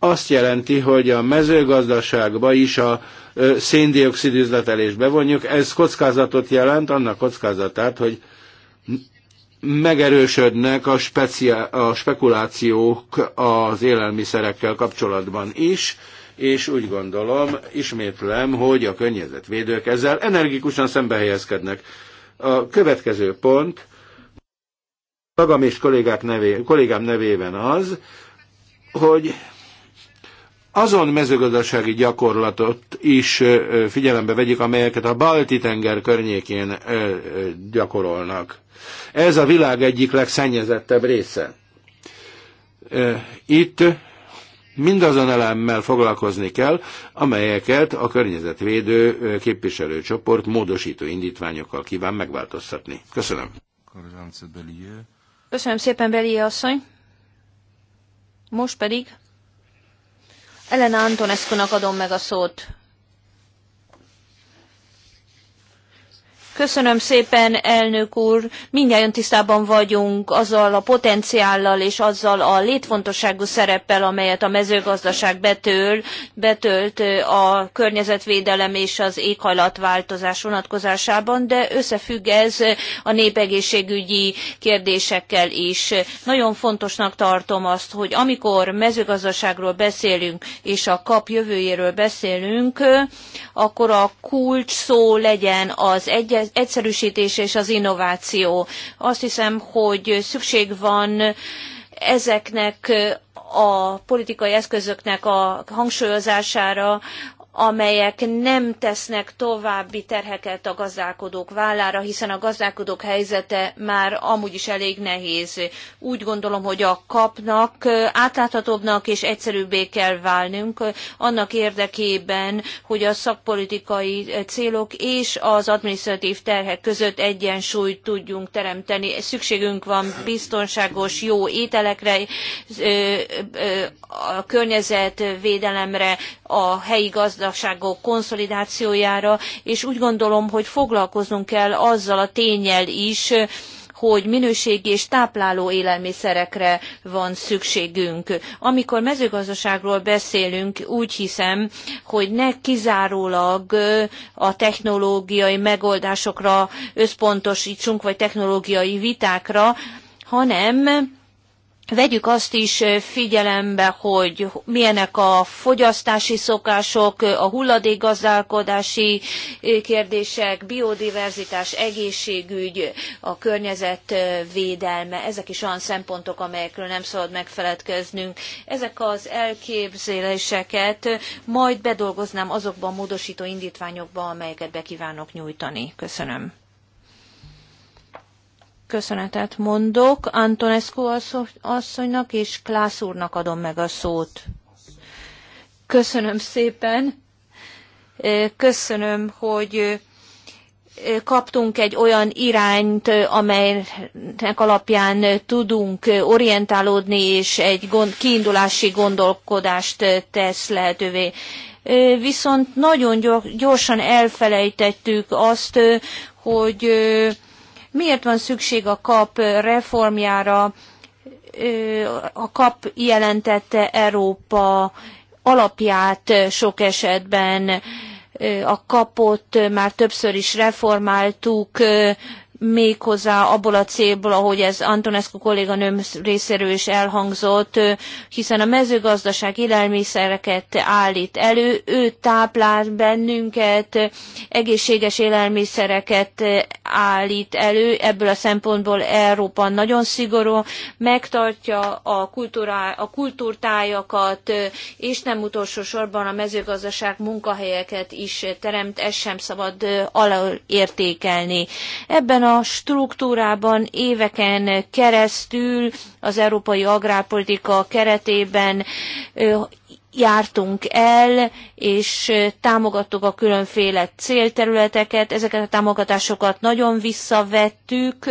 azt jelenti, hogy a mezőgazdaságba is a széndiokszid üzletelésbe bevonjuk, ez kockázatot jelent, annak kockázatát, hogy megerősödnek a, speciál, a spekulációk az élelmiszerekkel kapcsolatban is, és úgy gondolom, ismétlem, hogy a környezetvédők ezzel energikusan szembe helyezkednek. A következő pont, magam és kollégák nevé, kollégám nevében az, hogy azon mezőgazdasági gyakorlatot is figyelembe vegyük, amelyeket a Balti-tenger környékén gyakorolnak. Ez a világ egyik legszennyezettebb része. Itt mindazon elemmel foglalkozni kell, amelyeket a környezetvédő képviselőcsoport módosító indítványokkal kíván megváltoztatni. Köszönöm. Köszönöm szépen, Belié asszony. Most pedig Elena Antonescu-nak adom meg a szót. Köszönöm szépen, elnök úr. Mindjárt tisztában vagyunk azzal a potenciállal és azzal a létfontosságú szereppel, amelyet a mezőgazdaság betöl, betölt a környezetvédelem és az éghajlatváltozás vonatkozásában, de összefügg ez a népegészségügyi kérdésekkel is. Nagyon fontosnak tartom azt, hogy amikor mezőgazdaságról beszélünk és a kap jövőjéről beszélünk, akkor a kulcs szó legyen az egyez az egyszerűsítés és az innováció. Azt hiszem, hogy szükség van ezeknek a politikai eszközöknek a hangsúlyozására, amelyek nem tesznek további terheket a gazdálkodók vállára, hiszen a gazdálkodók helyzete már amúgy is elég nehéz. Úgy gondolom, hogy a kapnak átláthatóbbnak és egyszerűbbé kell válnunk annak érdekében, hogy a szakpolitikai célok és az adminisztratív terhek között egyensúlyt tudjunk teremteni. Szükségünk van biztonságos, jó ételekre, a környezetvédelemre, a helyi gazdaságokra, gazdaságok konszolidációjára, és úgy gondolom, hogy foglalkoznunk kell azzal a tényel is, hogy minőségi és tápláló élelmiszerekre van szükségünk. Amikor mezőgazdaságról beszélünk, úgy hiszem, hogy ne kizárólag a technológiai megoldásokra összpontosítsunk, vagy technológiai vitákra, hanem Vegyük azt is figyelembe, hogy milyenek a fogyasztási szokások, a hulladékgazdálkodási kérdések, biodiverzitás, egészségügy, a környezet védelme. Ezek is olyan szempontok, amelyekről nem szabad megfeledkeznünk. Ezek az elképzeléseket majd bedolgoznám azokban a módosító indítványokban, amelyeket be kívánok nyújtani. Köszönöm köszönetet mondok. Antonescu asszonynak és Klász úrnak adom meg a szót. Köszönöm szépen. Köszönöm, hogy kaptunk egy olyan irányt, amelynek alapján tudunk orientálódni, és egy gond, kiindulási gondolkodást tesz lehetővé viszont nagyon gyorsan elfelejtettük azt, hogy Miért van szükség a kap reformjára, a kap jelentette Európa alapját sok esetben, a kapot már többször is reformáltuk, méghozzá abból a célból, ahogy ez Antonescu kolléganőm részéről is elhangzott, hiszen a mezőgazdaság élelmiszereket állít elő, ő táplál bennünket, egészséges élelmiszereket állít elő, ebből a szempontból Európa nagyon szigorú, megtartja a, kultúrá, a kultúrtájakat, és nem utolsó sorban a mezőgazdaság munkahelyeket is teremt, ezt sem szabad alaértékelni. Ebben a a struktúrában éveken keresztül az európai agrárpolitika keretében jártunk el, és támogattuk a különféle célterületeket, ezeket a támogatásokat nagyon visszavettük,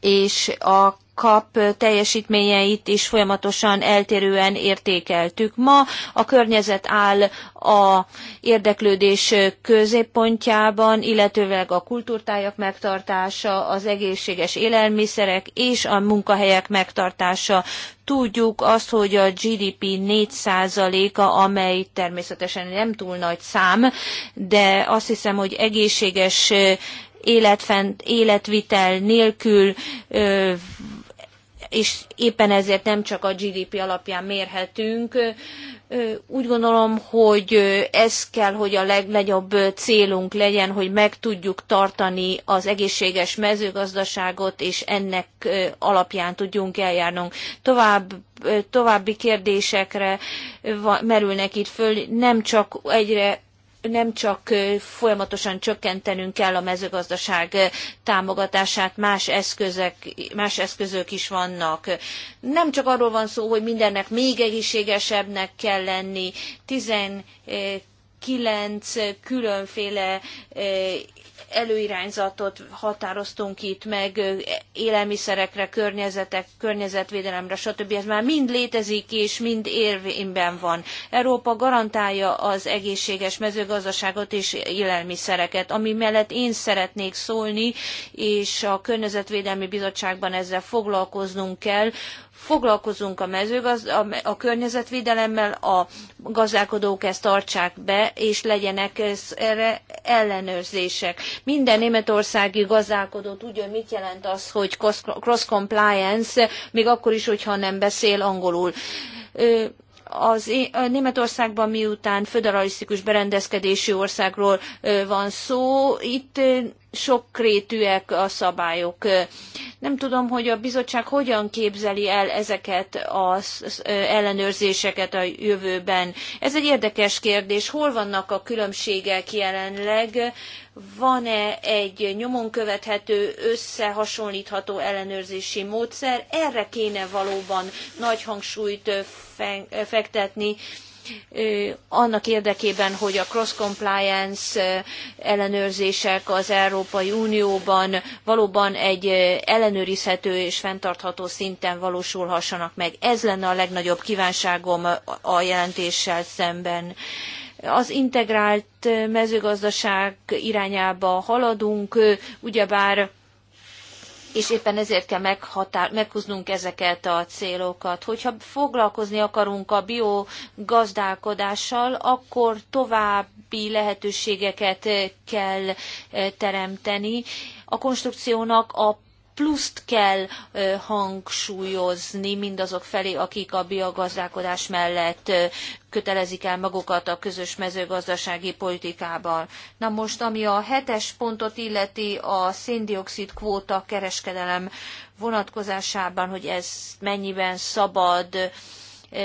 és a kap teljesítményeit is folyamatosan eltérően értékeltük. Ma a környezet áll a érdeklődés középpontjában, illetőleg a kultúrtájak megtartása, az egészséges élelmiszerek és a munkahelyek megtartása. Tudjuk azt, hogy a GDP 4%-a, amely természetesen nem túl nagy szám, de azt hiszem, hogy egészséges eh, életfent, életvitel nélkül eh, és éppen ezért nem csak a GDP alapján mérhetünk. Úgy gondolom, hogy ez kell, hogy a legnagyobb célunk legyen, hogy meg tudjuk tartani az egészséges mezőgazdaságot, és ennek alapján tudjunk eljárnunk. Tovább további kérdésekre merülnek itt föl, nem csak egyre nem csak folyamatosan csökkentenünk kell a mezőgazdaság támogatását, más, eszközök, más eszközök is vannak. Nem csak arról van szó, hogy mindennek még egészségesebbnek kell lenni, 19 különféle előirányzatot határoztunk itt meg élelmiszerekre, környezetek, környezetvédelemre, stb. Ez már mind létezik és mind érvényben van. Európa garantálja az egészséges mezőgazdaságot és élelmiszereket, ami mellett én szeretnék szólni, és a Környezetvédelmi Bizottságban ezzel foglalkoznunk kell, foglalkozunk a mezőgazd, a, a környezetvédelemmel, a gazdálkodók ezt tartsák be, és legyenek erre ellenőrzések. Minden németországi gazdálkodó tudja, hogy mit jelent az, hogy cross compliance, még akkor is, hogyha nem beszél angolul az Németországban miután föderalisztikus berendezkedési országról van szó, itt sokrétűek a szabályok. Nem tudom, hogy a bizottság hogyan képzeli el ezeket az ellenőrzéseket a jövőben. Ez egy érdekes kérdés. Hol vannak a különbségek jelenleg van-e egy nyomon követhető, összehasonlítható ellenőrzési módszer. Erre kéne valóban nagy hangsúlyt fektetni, annak érdekében, hogy a cross-compliance ellenőrzések az Európai Unióban valóban egy ellenőrizhető és fenntartható szinten valósulhassanak meg. Ez lenne a legnagyobb kívánságom a jelentéssel szemben az integrált mezőgazdaság irányába haladunk, ugyebár és éppen ezért kell meghatár, meghúznunk ezeket a célokat. Hogyha foglalkozni akarunk a biogazdálkodással, akkor további lehetőségeket kell teremteni. A konstrukciónak a pluszt kell hangsúlyozni mindazok felé, akik a biogazdálkodás mellett kötelezik el magukat a közös mezőgazdasági politikában. Na most, ami a hetes pontot illeti a széndiokszid kvóta kereskedelem vonatkozásában, hogy ez mennyiben szabad,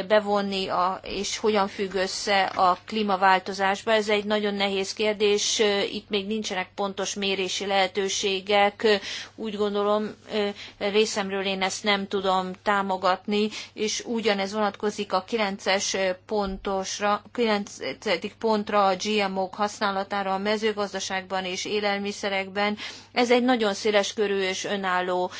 bevonni, a, és hogyan függ össze a klímaváltozásba. Ez egy nagyon nehéz kérdés, itt még nincsenek pontos mérési lehetőségek. Úgy gondolom, részemről én ezt nem tudom támogatni, és ugyanez vonatkozik a 9-es pontosra, 9. pontra a GMO-k használatára a mezőgazdaságban és élelmiszerekben. Ez egy nagyon széles körű és önálló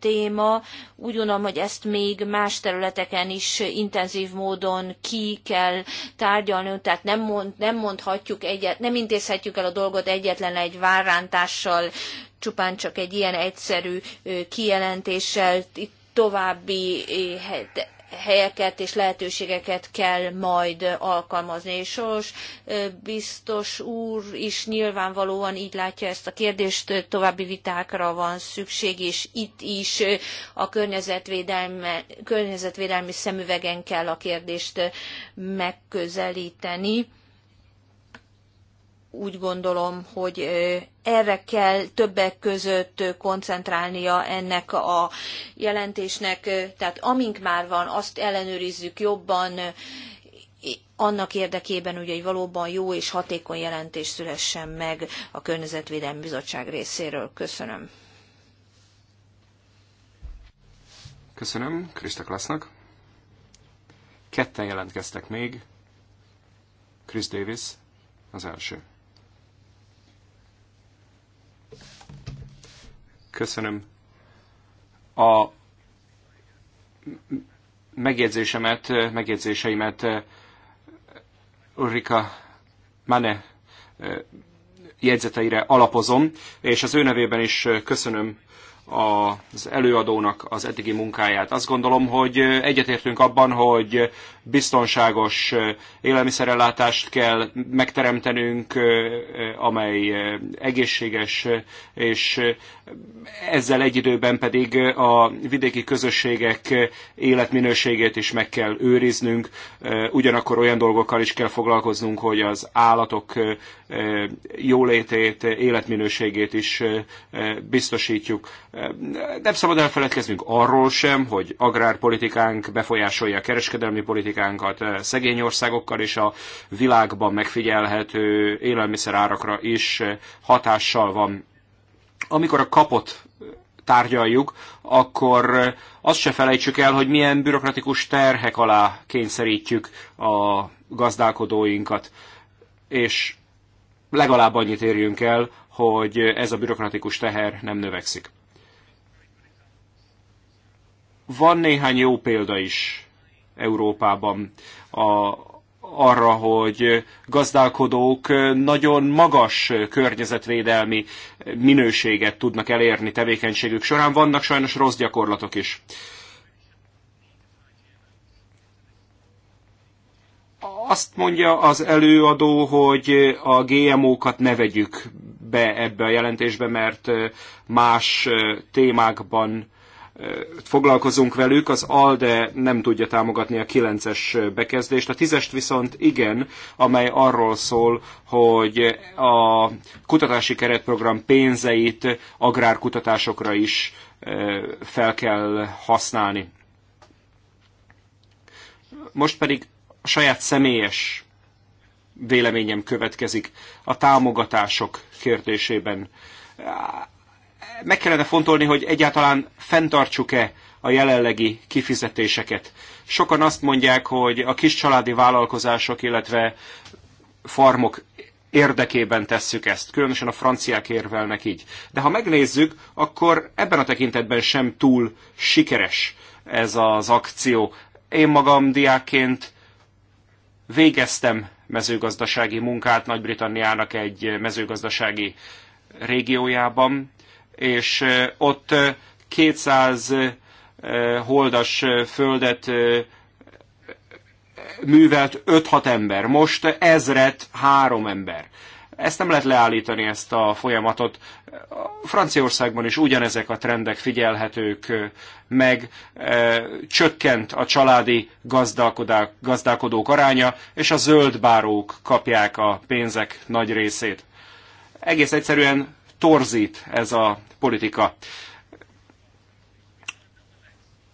téma. Úgy gondolom, hogy ezt még más területeken is intenzív módon ki kell tárgyalni, tehát nem, mond, nem mondhatjuk egyet, nem intézhetjük el a dolgot egyetlen egy várrántással, csupán csak egy ilyen egyszerű kijelentéssel, itt további eh, helyeket és lehetőségeket kell majd alkalmazni. És Soros biztos úr is nyilvánvalóan így látja ezt a kérdést, további vitákra van szükség, és itt is a környezetvédelmi szemüvegen kell a kérdést megközelíteni úgy gondolom, hogy erre kell többek között koncentrálnia ennek a jelentésnek, tehát amink már van, azt ellenőrizzük jobban, annak érdekében, ugye, hogy valóban jó és hatékony jelentés szülessen meg a Környezetvédelmi Bizottság részéről. Köszönöm. Köszönöm Krista Klasznak. Ketten jelentkeztek még. Chris Davis az első. Köszönöm. A megjegyzésemet, megjegyzéseimet eh, Ulrika Mane eh, jegyzeteire alapozom, és az ő nevében is eh, köszönöm az előadónak az eddigi munkáját. Azt gondolom, hogy egyetértünk abban, hogy biztonságos élelmiszerellátást kell megteremtenünk, amely egészséges, és ezzel egy időben pedig a vidéki közösségek életminőségét is meg kell őriznünk. Ugyanakkor olyan dolgokkal is kell foglalkoznunk, hogy az állatok jólétét, életminőségét is biztosítjuk. Nem szabad elfeledkeznünk arról sem, hogy agrárpolitikánk befolyásolja a kereskedelmi politikánkat szegény országokkal, és a világban megfigyelhető élelmiszerárakra is hatással van. Amikor a kapot tárgyaljuk, akkor azt se felejtsük el, hogy milyen bürokratikus terhek alá kényszerítjük a gazdálkodóinkat. És legalább annyit érjünk el, hogy ez a bürokratikus teher nem növekszik. Van néhány jó példa is Európában a, arra, hogy gazdálkodók nagyon magas környezetvédelmi minőséget tudnak elérni tevékenységük során. Vannak sajnos rossz gyakorlatok is. Azt mondja az előadó, hogy a GMO-kat ne vegyük be ebbe a jelentésbe, mert más témákban foglalkozunk velük, az ALDE nem tudja támogatni a 9-es bekezdést, a 10-est viszont igen, amely arról szól, hogy a kutatási keretprogram pénzeit agrárkutatásokra is fel kell használni. Most pedig a saját személyes véleményem következik a támogatások kérdésében. Meg kellene fontolni, hogy egyáltalán fenntartsuk-e a jelenlegi kifizetéseket. Sokan azt mondják, hogy a kis családi vállalkozások, illetve farmok érdekében tesszük ezt. Különösen a franciák érvelnek így. De ha megnézzük, akkor ebben a tekintetben sem túl sikeres ez az akció. Én magam diákként Végeztem mezőgazdasági munkát Nagy-Britanniának egy mezőgazdasági régiójában, és ott 200 holdas földet művelt 5-6 ember, most ezret három ember. Ezt nem lehet leállítani, ezt a folyamatot. Franciaországban is ugyanezek a trendek figyelhetők meg. Csökkent a családi gazdálkodók aránya, és a zöld bárók kapják a pénzek nagy részét. Egész egyszerűen torzít ez a politika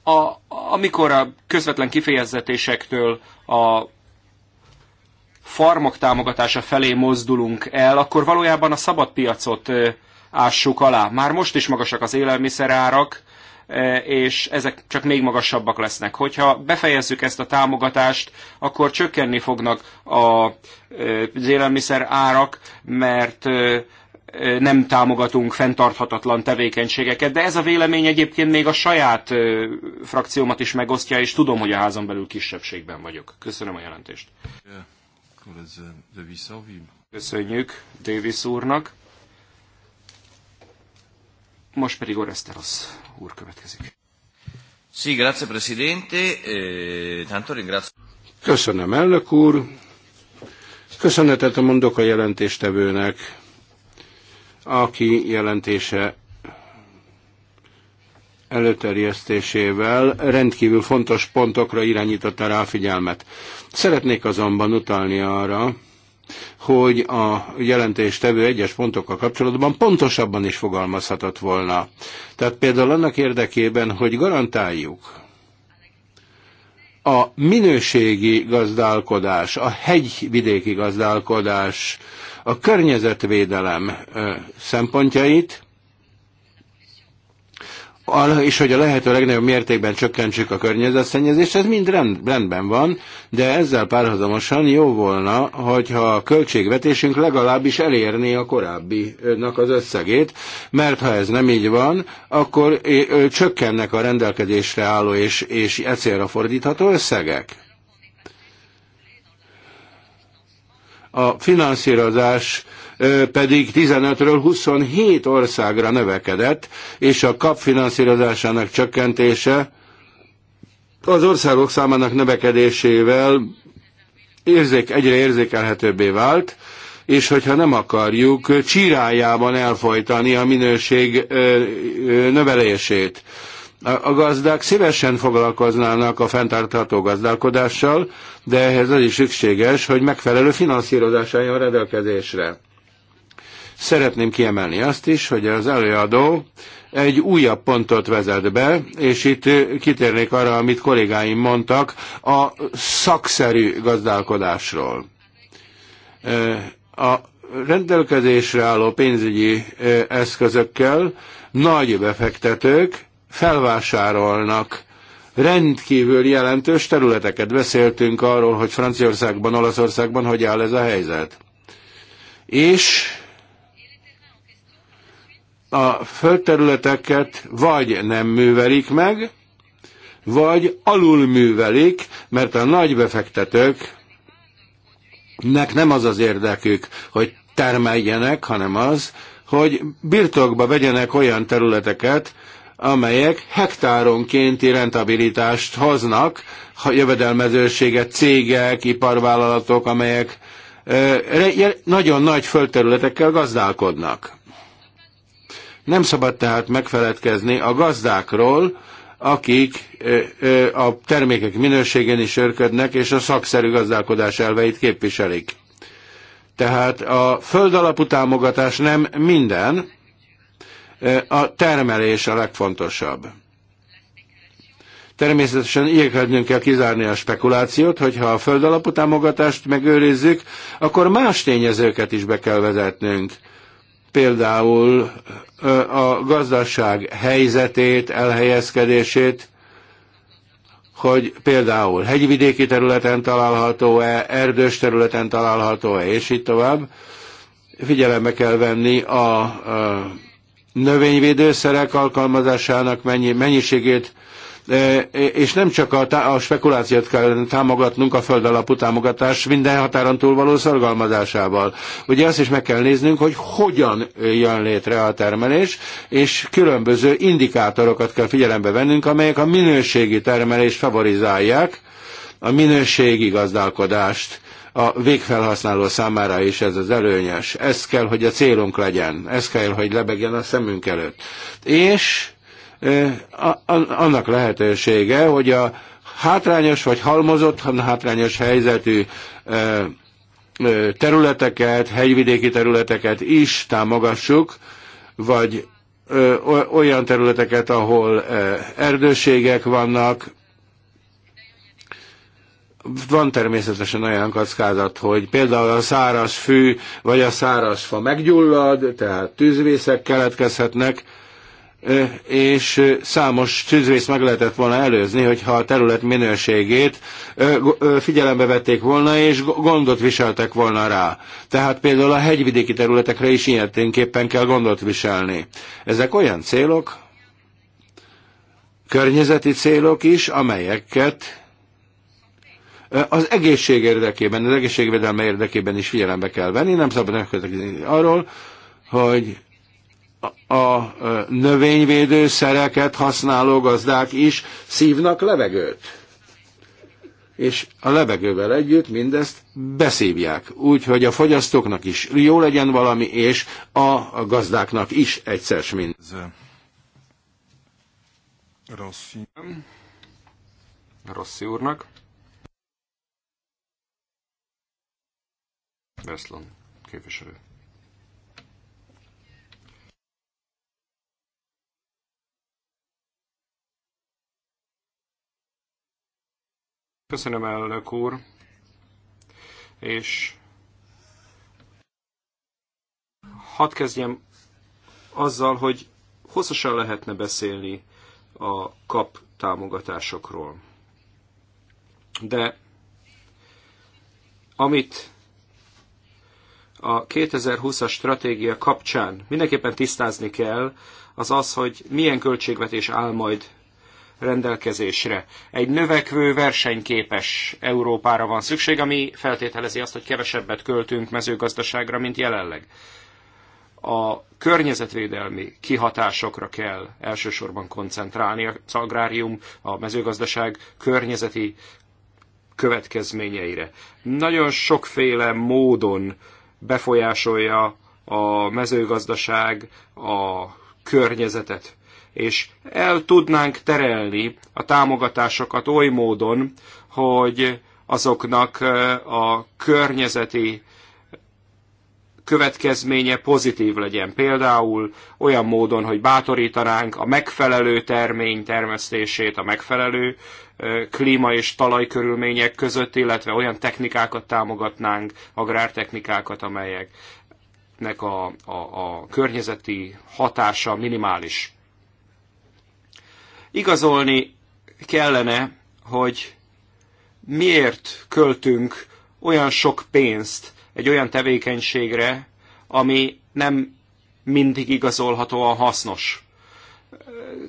a, amikor a közvetlen kifejezetésektől a farmok támogatása felé mozdulunk el, akkor valójában a szabad piacot ássuk alá. Már most is magasak az élelmiszerárak, és ezek csak még magasabbak lesznek. Hogyha befejezzük ezt a támogatást, akkor csökkenni fognak az élelmiszer árak, mert nem támogatunk fenntarthatatlan tevékenységeket, de ez a vélemény egyébként még a saját frakciómat is megosztja, és tudom, hogy a házon belül kisebbségben vagyok. Köszönöm a jelentést. Eh, Köszönjük Davis úrnak. Most pedig Oresteros úr következik. Sí, grazie Presidente, eh, tanto ringrazio. Köszönöm, elnök úr. Köszönetet mondok a jelentéstevőnek, aki jelentése előterjesztésével rendkívül fontos pontokra irányította rá a figyelmet. Szeretnék azonban utalni arra, hogy a tevő egyes pontokkal kapcsolatban pontosabban is fogalmazhatott volna. Tehát például annak érdekében, hogy garantáljuk a minőségi gazdálkodás, a hegyvidéki gazdálkodás, a környezetvédelem szempontjait, és hogy a lehető legnagyobb mértékben csökkentsük a környezetszennyezést, ez mind rend, rendben van, de ezzel párhuzamosan jó volna, hogyha a költségvetésünk legalábbis elérné a korábbinak az összegét, mert ha ez nem így van, akkor csökkennek a rendelkezésre álló és, és e célra fordítható összegek. A finanszírozás pedig 15-ről 27 országra növekedett, és a kap finanszírozásának csökkentése az országok számának növekedésével érzék, egyre érzékelhetőbbé vált, és hogyha nem akarjuk csirájában elfolytani a minőség növelését. A gazdák szívesen foglalkoznának a fenntartható gazdálkodással, de ehhez az is szükséges, hogy megfelelő finanszírozás álljon rendelkezésre. Szeretném kiemelni azt is, hogy az előadó egy újabb pontot vezet be, és itt kitérnék arra, amit kollégáim mondtak, a szakszerű gazdálkodásról. A rendelkezésre álló pénzügyi eszközökkel nagy befektetők felvásárolnak rendkívül jelentős területeket. Beszéltünk arról, hogy Franciaországban, Olaszországban hogy áll ez a helyzet. És a földterületeket vagy nem művelik meg, vagy alul művelik, mert a nagy befektetőknek nem az az érdekük, hogy termeljenek, hanem az, hogy birtokba vegyenek olyan területeket, amelyek hektáronkénti rentabilitást hoznak, jövedelmezőséget cégek, iparvállalatok, amelyek nagyon nagy földterületekkel gazdálkodnak. Nem szabad tehát megfeledkezni a gazdákról, akik a termékek minőségén is örködnek, és a szakszerű gazdálkodás elveit képviselik. Tehát a földalapú támogatás nem minden, a termelés a legfontosabb. Természetesen igyekednünk kell kizárni a spekulációt, hogyha a földalapú támogatást megőrizzük, akkor más tényezőket is be kell vezetnünk például a gazdaság helyzetét, elhelyezkedését, hogy például hegyvidéki területen található-e, erdős területen található-e, és így tovább. Figyelembe kell venni a, a növényvédőszerek alkalmazásának mennyi, mennyiségét, E, és nem csak a, a spekulációt kell támogatnunk, a föld alapú támogatás minden határon túl való szorgalmazásával. Ugye azt is meg kell néznünk, hogy hogyan jön létre a termelés, és különböző indikátorokat kell figyelembe vennünk, amelyek a minőségi termelést favorizálják, a minőségi gazdálkodást a végfelhasználó számára is ez az előnyes. Ez kell, hogy a célunk legyen, ez kell, hogy lebegjen a szemünk előtt. És Eh, annak lehetősége, hogy a hátrányos vagy halmozott, hátrányos helyzetű eh, eh, területeket, hegyvidéki területeket is támogassuk, vagy olyan területeket, ahol erdőségek vannak. Van természetesen olyan kockázat, hogy például a száraz fű vagy a száraz fa meggyullad, tehát tűzvészek keletkezhetnek, és számos tűzvész meg lehetett volna előzni, hogyha a terület minőségét figyelembe vették volna, és gondot viseltek volna rá. Tehát például a hegyvidéki területekre is ilyeténképpen kell gondot viselni. Ezek olyan célok, környezeti célok is, amelyeket az egészség érdekében, az egészségvédelme érdekében is figyelembe kell venni, nem szabad megkötekedni arról, hogy a szereket használó gazdák is szívnak levegőt. És a levegővel együtt mindezt beszívják, úgy, hogy a fogyasztóknak is jó legyen valami, és a gazdáknak is egyszer mind. Rossi. Rossi úrnak. Veszlon képviselő. Köszönöm, elnök úr, és hadd kezdjem azzal, hogy hosszasan lehetne beszélni a kap támogatásokról. De amit a 2020-as stratégia kapcsán mindenképpen tisztázni kell, az az, hogy milyen költségvetés áll majd rendelkezésre. Egy növekvő, versenyképes Európára van szükség, ami feltételezi azt, hogy kevesebbet költünk mezőgazdaságra, mint jelenleg. A környezetvédelmi kihatásokra kell elsősorban koncentrálni az agrárium, a mezőgazdaság környezeti következményeire. Nagyon sokféle módon befolyásolja a mezőgazdaság a környezetet és el tudnánk terelni a támogatásokat oly módon, hogy azoknak a környezeti következménye pozitív legyen. Például olyan módon, hogy bátorítanánk a megfelelő termény termesztését, a megfelelő klíma és talajkörülmények között, illetve olyan technikákat támogatnánk, agrártechnikákat, amelyeknek a, a, a környezeti hatása minimális. Igazolni kellene, hogy miért költünk olyan sok pénzt egy olyan tevékenységre, ami nem mindig igazolhatóan hasznos.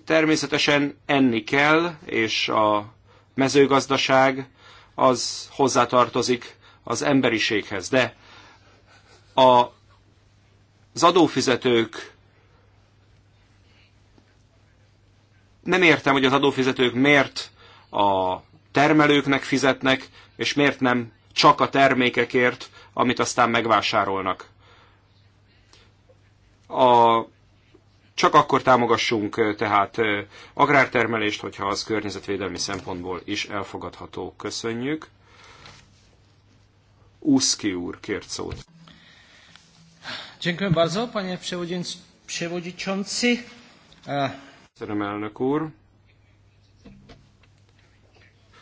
Természetesen enni kell, és a mezőgazdaság az hozzátartozik az emberiséghez. De a, az adófizetők nem értem, hogy az adófizetők miért a termelőknek fizetnek, és miért nem csak a termékekért, amit aztán megvásárolnak. A, csak akkor támogassunk tehát agrártermelést, hogyha az környezetvédelmi szempontból is elfogadható. Köszönjük. Uszki úr kért szót. Dziękuję bardzo, panie przewodniczący. E, Köszönöm, elnök úr.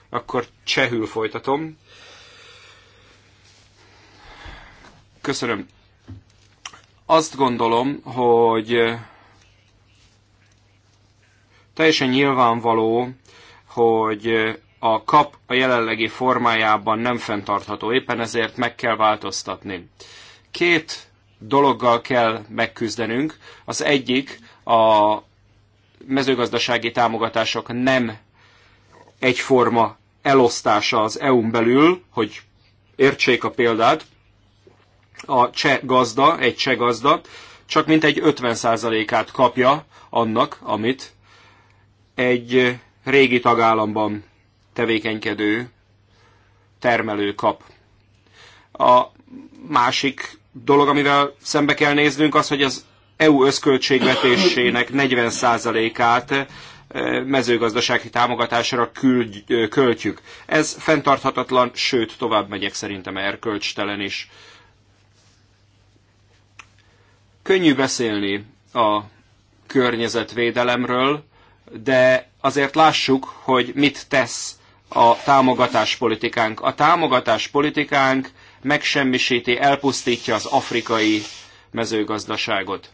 Akkor csehül folytatom. Köszönöm. Azt gondolom, hogy teljesen nyilvánvaló, hogy a kap a jelenlegi formájában nem fenntartható, éppen ezért meg kell változtatni. Két dologgal kell megküzdenünk. Az egyik a mezőgazdasági támogatások nem egyforma elosztása az EU-n belül, hogy értsék a példát, a cseh gazda, egy cseh gazda, csak mintegy 50%-át kapja annak, amit egy régi tagállamban tevékenykedő termelő kap. A másik dolog, amivel szembe kell néznünk, az, hogy az EU összköltségvetésének 40%-át eh, mezőgazdasági támogatásra küld, eh, költjük. Ez fenntarthatatlan, sőt, tovább megyek szerintem erkölcstelen is. Könnyű beszélni a környezetvédelemről, de azért lássuk, hogy mit tesz a támogatáspolitikánk. A támogatáspolitikánk megsemmisíti, elpusztítja az afrikai mezőgazdaságot.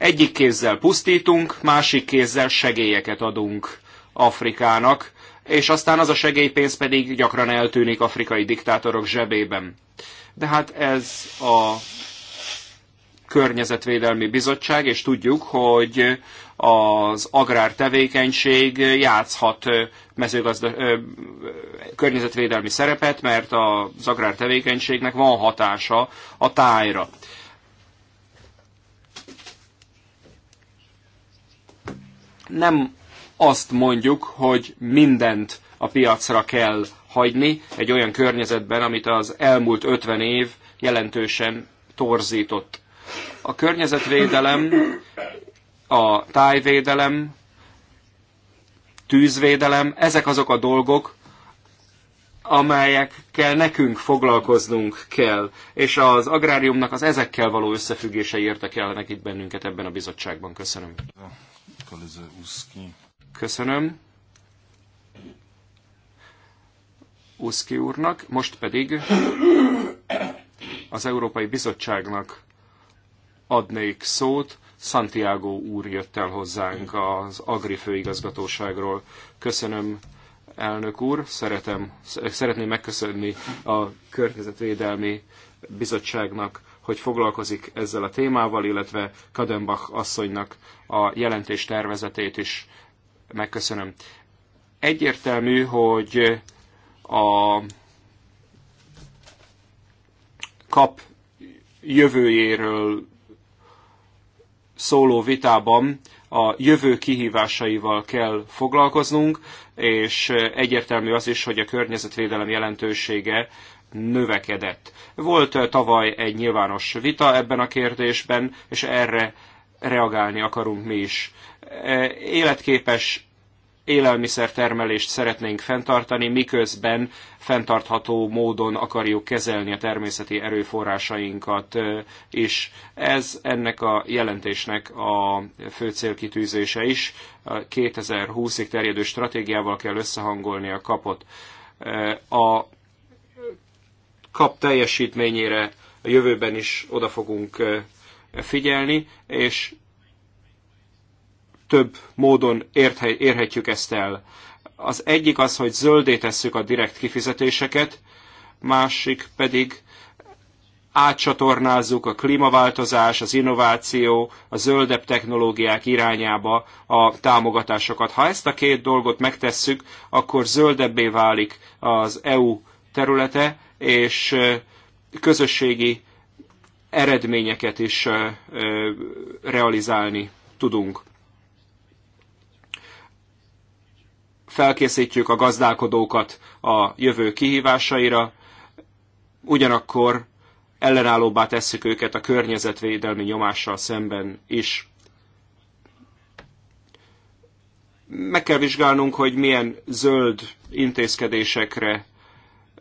Egyik kézzel pusztítunk, másik kézzel segélyeket adunk Afrikának, és aztán az a segélypénz pedig gyakran eltűnik afrikai diktátorok zsebében. De hát ez a Környezetvédelmi Bizottság, és tudjuk, hogy az agrártevékenység játszhat mezőgazda, környezetvédelmi szerepet, mert az agrártevékenységnek van hatása a tájra. nem azt mondjuk, hogy mindent a piacra kell hagyni egy olyan környezetben, amit az elmúlt 50 év jelentősen torzított. A környezetvédelem, a tájvédelem, tűzvédelem, ezek azok a dolgok, amelyekkel nekünk foglalkoznunk kell, és az agráriumnak az ezekkel való összefüggése érdekelnek itt bennünket ebben a bizottságban. Köszönöm. Köszönöm. Uszki úrnak, most pedig az Európai Bizottságnak adnék szót. Santiago úr jött el hozzánk az Agri főigazgatóságról. Köszönöm, elnök úr, szeretem, szeretném megköszönni a Környezetvédelmi Bizottságnak hogy foglalkozik ezzel a témával, illetve Kadenbach asszonynak a jelentés tervezetét is megköszönöm. Egyértelmű, hogy a kap jövőjéről szóló vitában a jövő kihívásaival kell foglalkoznunk, és egyértelmű az is, hogy a környezetvédelem jelentősége növekedett. Volt tavaly egy nyilvános vita ebben a kérdésben, és erre reagálni akarunk mi is. Életképes élelmiszertermelést szeretnénk fenntartani, miközben fenntartható módon akarjuk kezelni a természeti erőforrásainkat is. Ez ennek a jelentésnek a fő célkitűzése is. 2020-ig terjedő stratégiával kell összehangolni a kapot. A kap teljesítményére a jövőben is oda fogunk figyelni, és több módon érhetjük ezt el. Az egyik az, hogy zöldé tesszük a direkt kifizetéseket, másik pedig átcsatornázzuk a klímaváltozás, az innováció, a zöldebb technológiák irányába a támogatásokat. Ha ezt a két dolgot megtesszük, akkor zöldebbé válik az EU területe, és közösségi eredményeket is realizálni tudunk. Felkészítjük a gazdálkodókat a jövő kihívásaira, ugyanakkor ellenállóbbá tesszük őket a környezetvédelmi nyomással szemben is. Meg kell vizsgálnunk, hogy milyen zöld intézkedésekre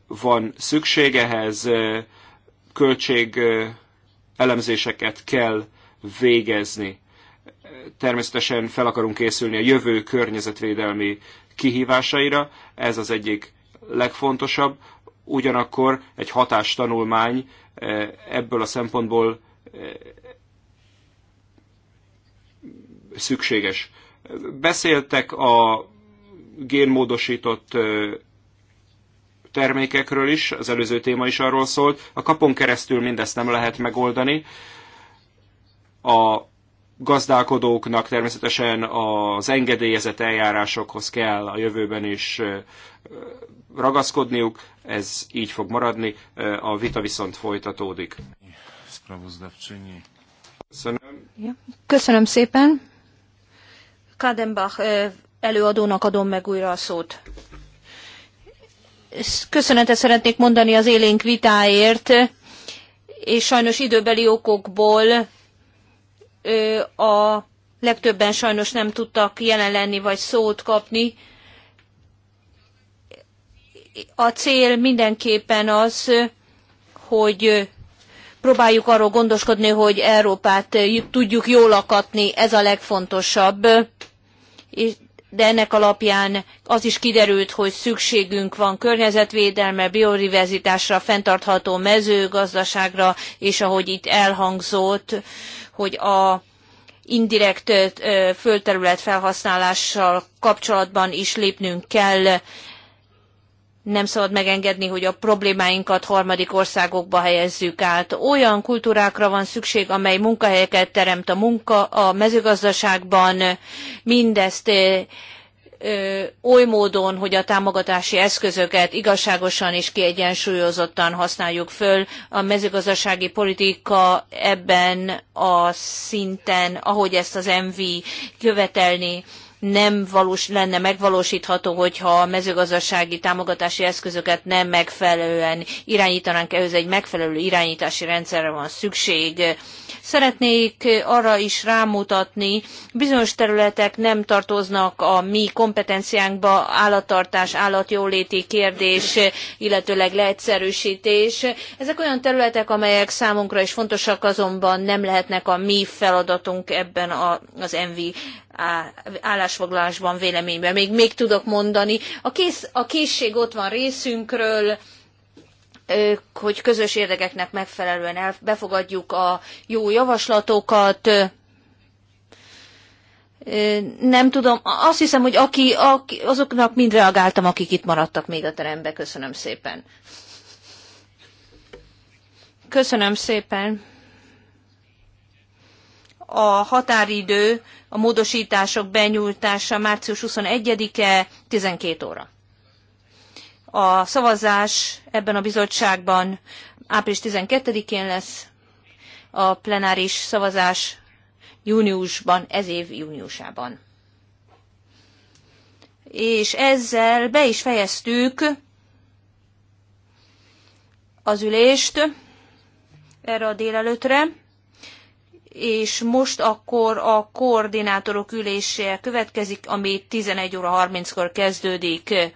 van szükség ehhez, költség elemzéseket kell végezni. Természetesen fel akarunk készülni a jövő környezetvédelmi kihívásaira, ez az egyik legfontosabb, ugyanakkor egy hatástanulmány ebből a szempontból szükséges. Beszéltek a génmódosított termékekről is, az előző téma is arról szólt. A kapon keresztül mindezt nem lehet megoldani. A gazdálkodóknak természetesen az engedélyezett eljárásokhoz kell a jövőben is ragaszkodniuk, ez így fog maradni, a vita viszont folytatódik. Köszönöm. Köszönöm szépen. Kadenbach előadónak adom meg újra a szót köszönetet szeretnék mondani az élénk vitáért, és sajnos időbeli okokból a legtöbben sajnos nem tudtak jelen lenni vagy szót kapni. A cél mindenképpen az, hogy próbáljuk arról gondoskodni, hogy Európát tudjuk jól akatni, ez a legfontosabb de ennek alapján az is kiderült, hogy szükségünk van környezetvédelme, biodiverzitásra, fenntartható mezőgazdaságra, és ahogy itt elhangzott, hogy a indirekt földterület felhasználással kapcsolatban is lépnünk kell nem szabad megengedni, hogy a problémáinkat harmadik országokba helyezzük át. Olyan kultúrákra van szükség, amely munkahelyeket teremt a munka a mezőgazdaságban, mindezt oly módon, hogy a támogatási eszközöket igazságosan és kiegyensúlyozottan használjuk föl. A mezőgazdasági politika ebben a szinten, ahogy ezt az MV követelni, nem valós, lenne megvalósítható, hogyha a mezőgazdasági támogatási eszközöket nem megfelelően irányítanánk, ehhez egy megfelelő irányítási rendszerre van szükség, Szeretnék arra is rámutatni, bizonyos területek nem tartoznak a mi kompetenciánkba, állattartás, állatjóléti kérdés, illetőleg leegyszerűsítés. Ezek olyan területek, amelyek számunkra is fontosak, azonban nem lehetnek a mi feladatunk ebben a, az envi állásfoglalásban, véleményben. Még, még tudok mondani. A, kész, a készség ott van részünkről, hogy közös érdekeknek megfelelően befogadjuk a jó javaslatokat, nem tudom, azt hiszem, hogy aki, aki, azoknak mind reagáltam, akik itt maradtak még a terembe. Köszönöm szépen. Köszönöm szépen. A határidő, a módosítások benyújtása március 21-e 12 óra. A szavazás ebben a bizottságban április 12-én lesz, a plenáris szavazás júniusban, ez év júniusában. És ezzel be is fejeztük az ülést erre a délelőtre, és most akkor a koordinátorok ülése következik, ami 11 óra 30-kor kezdődik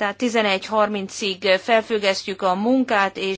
tehát 11.30-ig felfüggesztjük a munkát, és